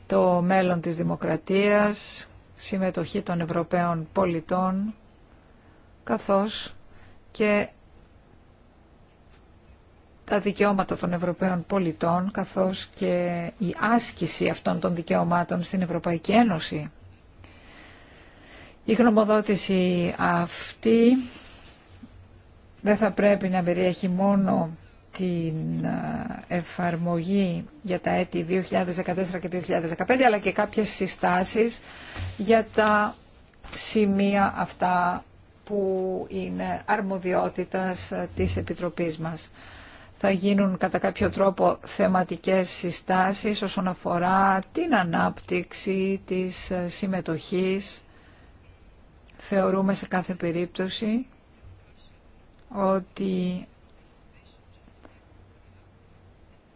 Το μέλλον της δημοκρατίας, συμμετοχή των Ευρωπαίων πολιτών, καθώς και τα δικαιώματα των Ευρωπαίων πολιτών καθώς και η άσκηση αυτών των δικαιωμάτων στην Ευρωπαϊκή Ένωση. Η γνωμοδότηση αυτή δεν θα πρέπει να περιέχει μόνο την ε, εφαρμογή για τα έτη 2014 και 2015 αλλά και κάποιες συστάσεις για τα σημεία αυτά που είναι αρμοδιότητας ε, της Επιτροπής μας θα γίνουν κατά κάποιο τρόπο θεματικές συστάσεις όσον αφορά την ανάπτυξη της συμμετοχής. Θεωρούμε σε κάθε περίπτωση ότι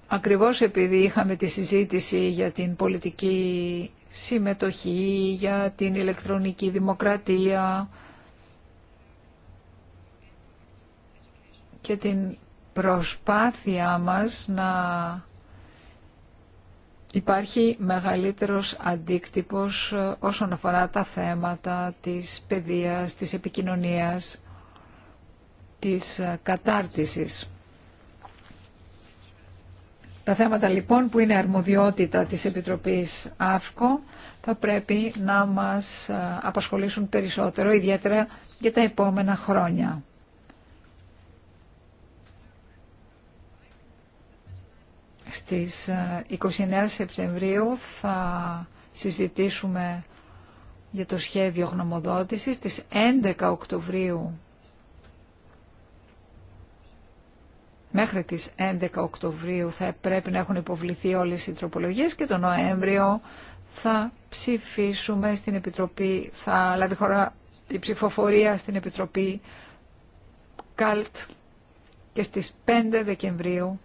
ακριβώς επειδή είχαμε τη συζήτηση για την πολιτική συμμετοχή, για την ηλεκτρονική δημοκρατία και την προσπάθειά μας να υπάρχει μεγαλύτερος αντίκτυπος ε, όσον αφορά τα θέματα της παιδείας, της επικοινωνίας, της ε, κατάρτισης. Τα θέματα λοιπόν που είναι αρμοδιότητα της Επιτροπής ΑΦΚΟ θα πρέπει να μας ε, απασχολήσουν περισσότερο, ιδιαίτερα για τα επόμενα χρόνια. Στις 29 ε, Σεπτεμβρίου θα συζητήσουμε για το σχέδιο γνωμοδότησης. Στις 11 Οκτωβρίου μέχρι τις 11 Οκτωβρίου θα πρέπει να έχουν υποβληθεί όλες οι τροπολογίες και τον Νοέμβριο θα ψηφίσουμε στην Επιτροπή, θα λάβει χώρα ψηφοφορία στην Επιτροπή ΚΑΛΤ και στις 5 Δεκεμβρίου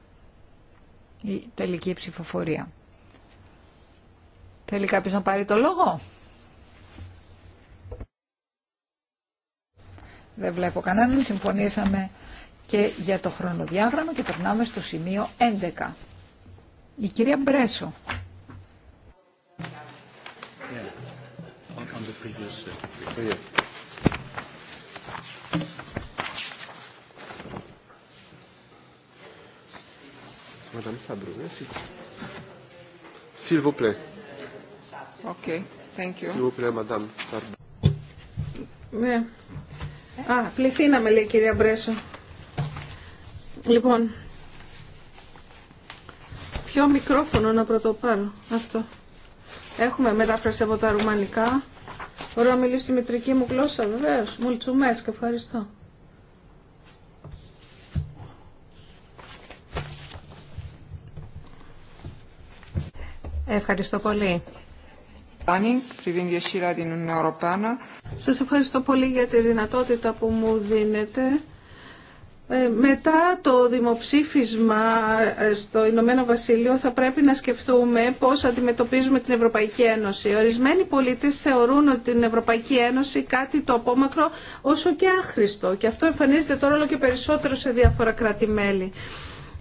η τελική ψηφοφορία. Θέλει κάποιος να πάρει το λόγο? Δεν βλέπω κανέναν. Συμφωνήσαμε και για το χρονοδιάγραμμα και περνάμε στο σημείο 11. Η κυρία Μπρέσο. Madame Fabre, merci. thank you. S'il vous plaît, Madame Ναι. Α, πληθύναμε, λέει η κυρία Μπρέσο. Λοιπόν, ποιο μικρόφωνο να πρωτοπάρω. Αυτό. Έχουμε μετάφραση από τα ρουμανικά. Μπορώ να μιλήσω στη μητρική μου γλώσσα, βεβαίω. Μουλτσουμέσκ, ευχαριστώ. Ευχαριστώ πολύ. Σας ευχαριστώ πολύ για τη δυνατότητα που μου δίνετε. Ε, μετά το δημοψήφισμα ε, στο Ηνωμένο Βασίλειο θα πρέπει να σκεφτούμε πώς αντιμετωπίζουμε την Ευρωπαϊκή Ένωση. Ορισμένοι πολίτες θεωρούν ότι την Ευρωπαϊκή Ένωση κάτι το απόμακρο όσο και άχρηστο και αυτό εμφανίζεται τώρα όλο και περισσότερο σε διάφορα κράτη-μέλη.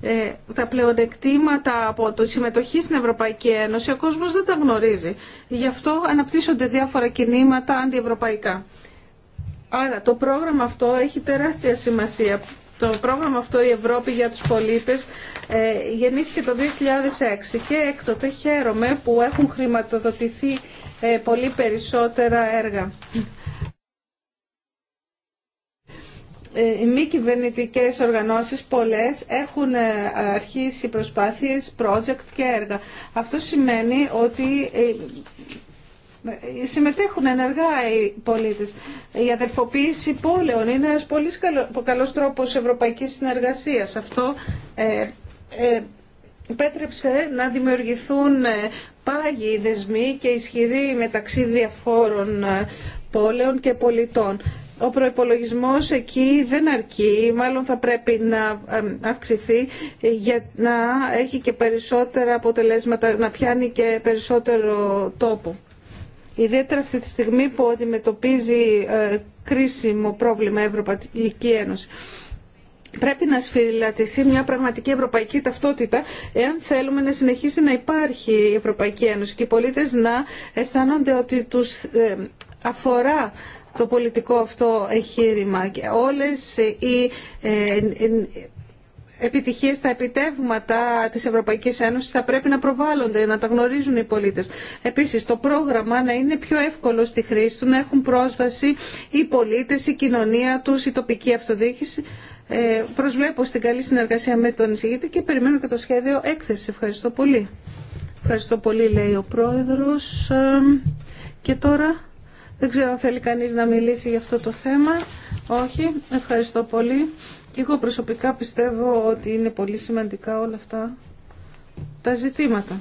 Ε, τα πλεονεκτήματα από τη συμμετοχή στην Ευρωπαϊκή Ένωση ο κόσμος δεν τα γνωρίζει. Γι' αυτό αναπτύσσονται διάφορα κινήματα αντιευρωπαϊκά. Άρα το πρόγραμμα αυτό έχει τεράστια σημασία. Το πρόγραμμα αυτό η Ευρώπη για τους πολίτες ε, γεννήθηκε το 2006 και έκτοτε χαίρομαι που έχουν χρηματοδοτηθεί ε, πολύ περισσότερα έργα. Ε, οι μη κυβερνητικέ οργανώσεις πολλέ έχουν ε, αρχίσει προσπάθειες, project και έργα. Αυτό σημαίνει ότι ε, συμμετέχουν ενεργά οι πολίτες. Η αδερφοποίηση πόλεων είναι ένα πολύ καλό τρόπο ευρωπαϊκής συνεργασίας. Αυτό ε, επέτρεψε να δημιουργηθούν πάγιοι δεσμοί και ισχυροί μεταξύ διαφόρων πόλεων και πολιτών ο προϋπολογισμός εκεί δεν αρκεί, μάλλον θα πρέπει να αυξηθεί για να έχει και περισσότερα αποτελέσματα, να πιάνει και περισσότερο τόπο. Ιδιαίτερα αυτή τη στιγμή που αντιμετωπίζει ε, κρίσιμο πρόβλημα η Ευρωπαϊκή Ένωση. Πρέπει να σφυριλατηθεί μια πραγματική ευρωπαϊκή ταυτότητα εάν θέλουμε να συνεχίσει να υπάρχει η Ευρωπαϊκή Ένωση και οι πολίτες να αισθάνονται ότι τους ε, αφορά το πολιτικό αυτό εγχείρημα και όλες οι ε, ε, επιτυχίες, τα επιτεύγματα της Ευρωπαϊκής Ένωσης θα πρέπει να προβάλλονται, να τα γνωρίζουν οι πολίτες. Επίσης, το πρόγραμμα να είναι πιο εύκολο στη χρήση του, να έχουν πρόσβαση οι πολίτες, η κοινωνία τους, η τοπική αυτοδιοίκηση. Ε, προσβλέπω στην καλή συνεργασία με τον εισηγήτη και περιμένω και το σχέδιο έκθεση. Ευχαριστώ πολύ. Ευχαριστώ πολύ, λέει ο Πρόεδρος. Ε, και τώρα... Δεν ξέρω αν θέλει κανείς να μιλήσει για αυτό το θέμα. Όχι, ευχαριστώ πολύ. Και εγώ προσωπικά πιστεύω ότι είναι πολύ σημαντικά όλα αυτά τα ζητήματα.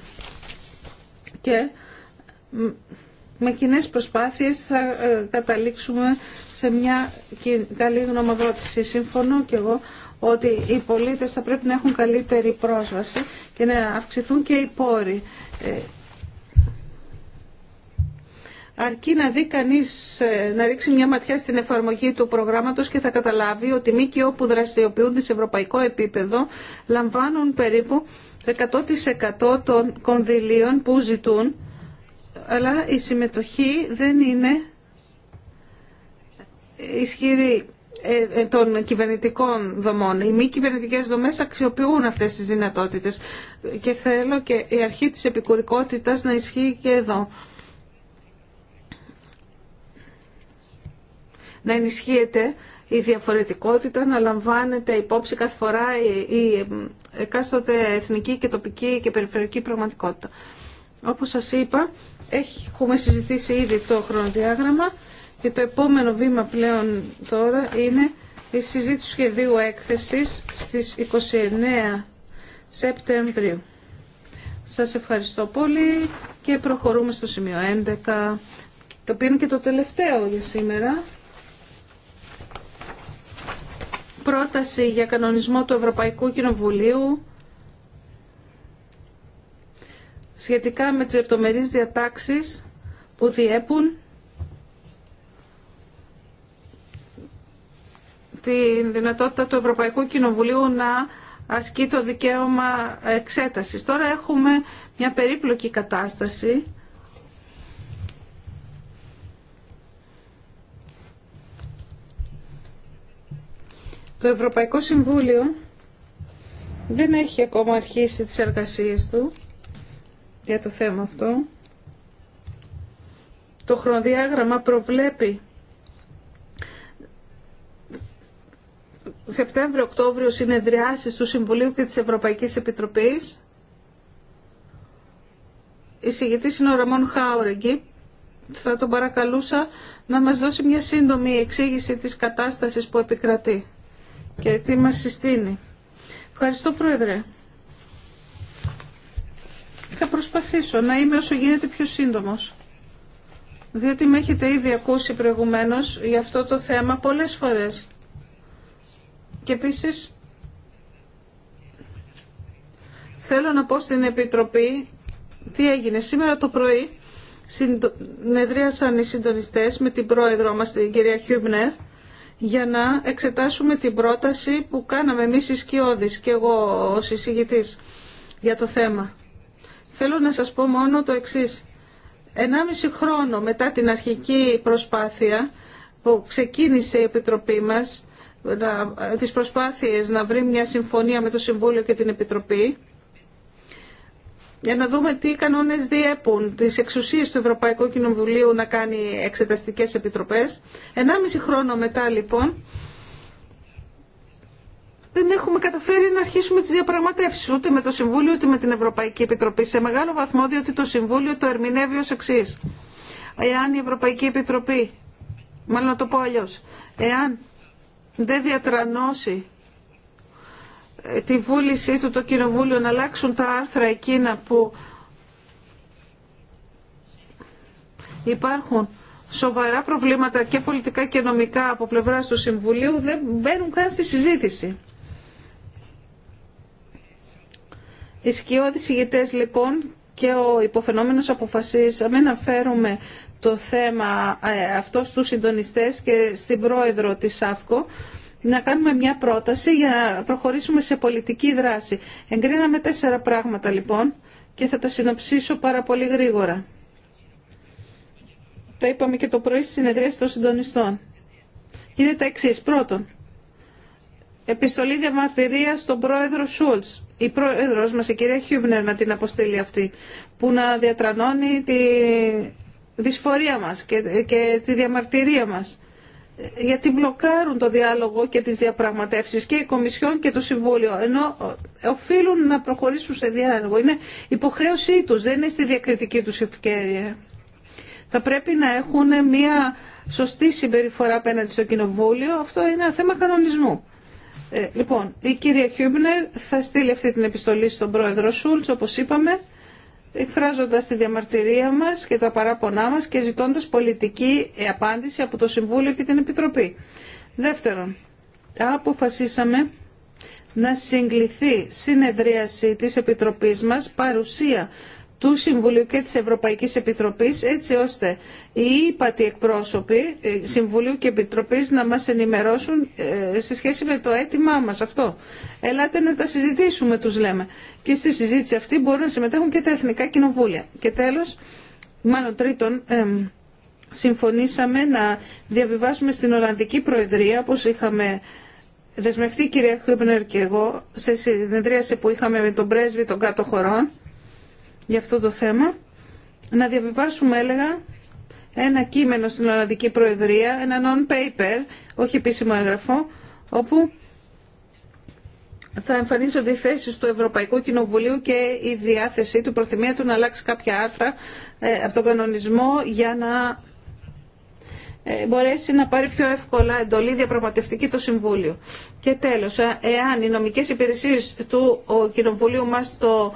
Και με κοινέ προσπάθειες θα ε, καταλήξουμε σε μια καλή γνωμοδότηση. Συμφωνώ και εγώ ότι οι πολίτες θα πρέπει να έχουν καλύτερη πρόσβαση και να αυξηθούν και οι πόροι ε, αρκεί να δει κανείς, ε, να ρίξει μια ματιά στην εφαρμογή του προγράμματος και θα καταλάβει ότι ΜΚΟ που δραστηριοποιούνται σε ευρωπαϊκό επίπεδο λαμβάνουν περίπου 100% των κονδυλίων που ζητούν, αλλά η συμμετοχή δεν είναι ισχυρή ε, ε, των κυβερνητικών δομών. Οι μη κυβερνητικέ δομέ αξιοποιούν αυτέ τι δυνατότητε και θέλω και η αρχή τη επικουρικότητα να ισχύει και εδώ. να ενισχύεται η διαφορετικότητα, να λαμβάνεται υπόψη κάθε φορά η εκάστοτε εθνική και τοπική και περιφερειακή πραγματικότητα. Όπως σας είπα, έχουμε συζητήσει ήδη το χρονοδιάγραμμα και το επόμενο βήμα πλέον τώρα είναι η συζήτηση του σχεδίου έκθεσης στις 29 Σεπτεμβρίου. Σας ευχαριστώ πολύ και προχωρούμε στο σημείο 11, το οποίο είναι και το τελευταίο για σήμερα πρόταση για κανονισμό του Ευρωπαϊκού Κοινοβουλίου σχετικά με τις λεπτομερείς διατάξεις που διέπουν τη δυνατότητα του Ευρωπαϊκού Κοινοβουλίου να ασκεί το δικαίωμα εξέτασης. Τώρα έχουμε μια περίπλοκη κατάσταση Το Ευρωπαϊκό Συμβούλιο δεν έχει ακόμα αρχίσει τις εργασίες του για το θέμα αυτό. Το χρονοδιάγραμμα προβλέπει Σεπτέμβριο-Οκτώβριο συνεδριάσεις του Συμβουλίου και της Ευρωπαϊκής Επιτροπής. Η συγγετής είναι ο Ραμόν Χάουρεγγι. Θα τον παρακαλούσα να μας δώσει μια σύντομη εξήγηση της κατάστασης που επικρατεί και τι μας συστήνει. Ευχαριστώ Πρόεδρε. Θα προσπαθήσω να είμαι όσο γίνεται πιο σύντομος. Διότι με έχετε ήδη ακούσει προηγουμένως για αυτό το θέμα πολλές φορές. Και επίσης θέλω να πω στην Επιτροπή τι έγινε. Σήμερα το πρωί συνεδρίασαν οι συντονιστές με την πρόεδρο μας την κυρία Χιούμπνερ για να εξετάσουμε την πρόταση που κάναμε εμείς οι Σκιώδης και εγώ ως εισηγητής για το θέμα. Θέλω να σας πω μόνο το εξής. Ενάμιση χρόνο μετά την αρχική προσπάθεια που ξεκίνησε η Επιτροπή μας, τις προσπάθειες να βρει μια συμφωνία με το Συμβούλιο και την Επιτροπή, για να δούμε τι κανόνες διέπουν τις εξουσίες του Ευρωπαϊκού Κοινοβουλίου να κάνει εξεταστικές επιτροπές. Ενάμιση χρόνο μετά λοιπόν δεν έχουμε καταφέρει να αρχίσουμε τις διαπραγματεύσεις ούτε με το Συμβούλιο ούτε με την Ευρωπαϊκή Επιτροπή σε μεγάλο βαθμό διότι το Συμβούλιο το ερμηνεύει ως εξή. Εάν η Ευρωπαϊκή Επιτροπή, μάλλον να το πω αλλιώς, εάν δεν διατρανώσει τη βούλησή του το Κοινοβούλιο να αλλάξουν τα άρθρα εκείνα που υπάρχουν σοβαρά προβλήματα και πολιτικά και νομικά από πλευρά του Συμβουλίου δεν μπαίνουν καν στη συζήτηση. Οι σκιώδεις ηγητές λοιπόν και ο υποφαινόμενος αποφασίσαμε να φέρουμε το θέμα ε, αυτό στους συντονιστές και στην πρόεδρο της ΑΦΚΟ να κάνουμε μια πρόταση για να προχωρήσουμε σε πολιτική δράση. Εγκρίναμε τέσσερα πράγματα λοιπόν και θα τα συνοψίσω πάρα πολύ γρήγορα. Τα είπαμε και το πρωί στη συνεδρία των συντονιστών. Είναι τα εξή. Πρώτον, επιστολή διαμαρτυρία στον πρόεδρο Σούλτ. Η πρόεδρο μα, η κυρία Χιούμπνερ, να την αποστείλει αυτή, που να διατρανώνει τη δυσφορία μα και, και τη διαμαρτυρία μας γιατί μπλοκάρουν το διάλογο και τις διαπραγματεύσεις και η Κομισιόν και το Συμβούλιο, ενώ οφείλουν να προχωρήσουν σε διάλογο. Είναι υποχρέωσή τους, δεν είναι στη διακριτική τους ευκαιρία. Θα πρέπει να έχουν μια σωστή συμπεριφορά απέναντι στο Κοινοβούλιο. Αυτό είναι ένα θέμα κανονισμού. Ε, λοιπόν, η κυρία Χιούμπνερ θα στείλει αυτή την επιστολή στον πρόεδρο Σούλτς, όπως είπαμε εκφράζοντας τη διαμαρτυρία μας και τα παράπονά μας και ζητώντας πολιτική απάντηση από το Συμβούλιο και την Επιτροπή. Δεύτερον, αποφασίσαμε να συγκληθεί συνεδρίαση της Επιτροπής μας παρουσία του Συμβουλίου και της Ευρωπαϊκής Επιτροπής έτσι ώστε οι ύπατοι εκπρόσωποι ε, Συμβουλίου και Επιτροπής να μας ενημερώσουν ε, σε σχέση με το αίτημά μας αυτό. Ελάτε να τα συζητήσουμε τους λέμε και στη συζήτηση αυτή μπορούν να συμμετέχουν και τα Εθνικά Κοινοβούλια. Και τέλος, μάλλον τρίτον, συμφωνήσαμε να διαβιβάσουμε στην Ολλανδική Προεδρία όπως είχαμε δεσμευτεί η κυρία Χούμπνερ και εγώ σε συνεδρίαση που είχαμε με τον πρέσβη των κάτω χωρών για αυτό το θέμα. Να διαβιβάσουμε, έλεγα, ένα κείμενο στην Ολλανδική Προεδρία, ένα non-paper, όχι επίσημο έγγραφο, όπου θα εμφανίζονται οι θέσεις του Ευρωπαϊκού Κοινοβουλίου και η διάθεσή του, προθυμία του να αλλάξει κάποια άρθρα ε, από τον κανονισμό για να ε, μπορέσει να πάρει πιο εύκολα εντολή διαπραγματευτική το Συμβούλιο. Και τέλος, ε, εάν οι νομικές υπηρεσίες του Κοινοβουλίου μας το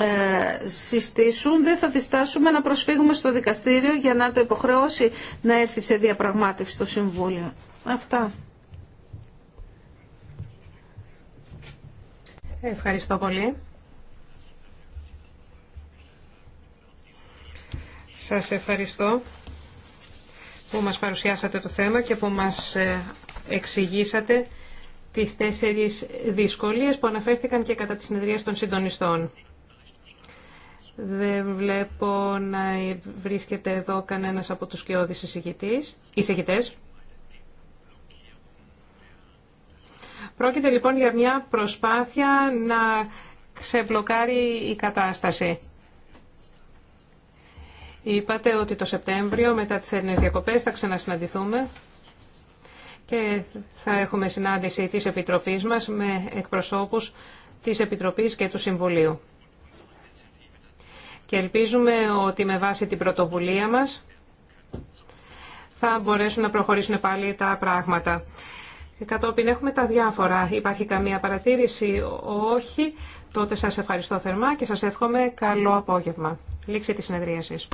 ε, συστήσουν, δεν θα διστάσουμε να προσφύγουμε στο δικαστήριο για να το υποχρεώσει να έρθει σε διαπραγμάτευση στο Συμβούλιο. Αυτά. Ευχαριστώ πολύ. Σας ευχαριστώ που μας παρουσιάσατε το θέμα και που μας ε, εξηγήσατε τις τέσσερις δυσκολίες που αναφέρθηκαν και κατά τις συνεδρίες των συντονιστών. Δεν βλέπω να βρίσκεται εδώ κανένας από τους κοιόδης εισηγητές. Πρόκειται λοιπόν για μια προσπάθεια να ξεμπλοκάρει η κατάσταση. Είπατε ότι το Σεπτέμβριο μετά τις Ελληνές διακοπές θα ξανασυναντηθούμε και θα έχουμε συνάντηση της Επιτροπής μας με εκπροσώπους της Επιτροπής και του Συμβουλίου και ελπίζουμε ότι με βάση την πρωτοβουλία μας θα μπορέσουν να προχωρήσουν πάλι τα πράγματα. Κατόπιν έχουμε τα διάφορα. Υπάρχει καμία παρατήρηση, όχι. Τότε σας ευχαριστώ θερμά και σας εύχομαι καλό απόγευμα. Λήξη της συνεδρίασης.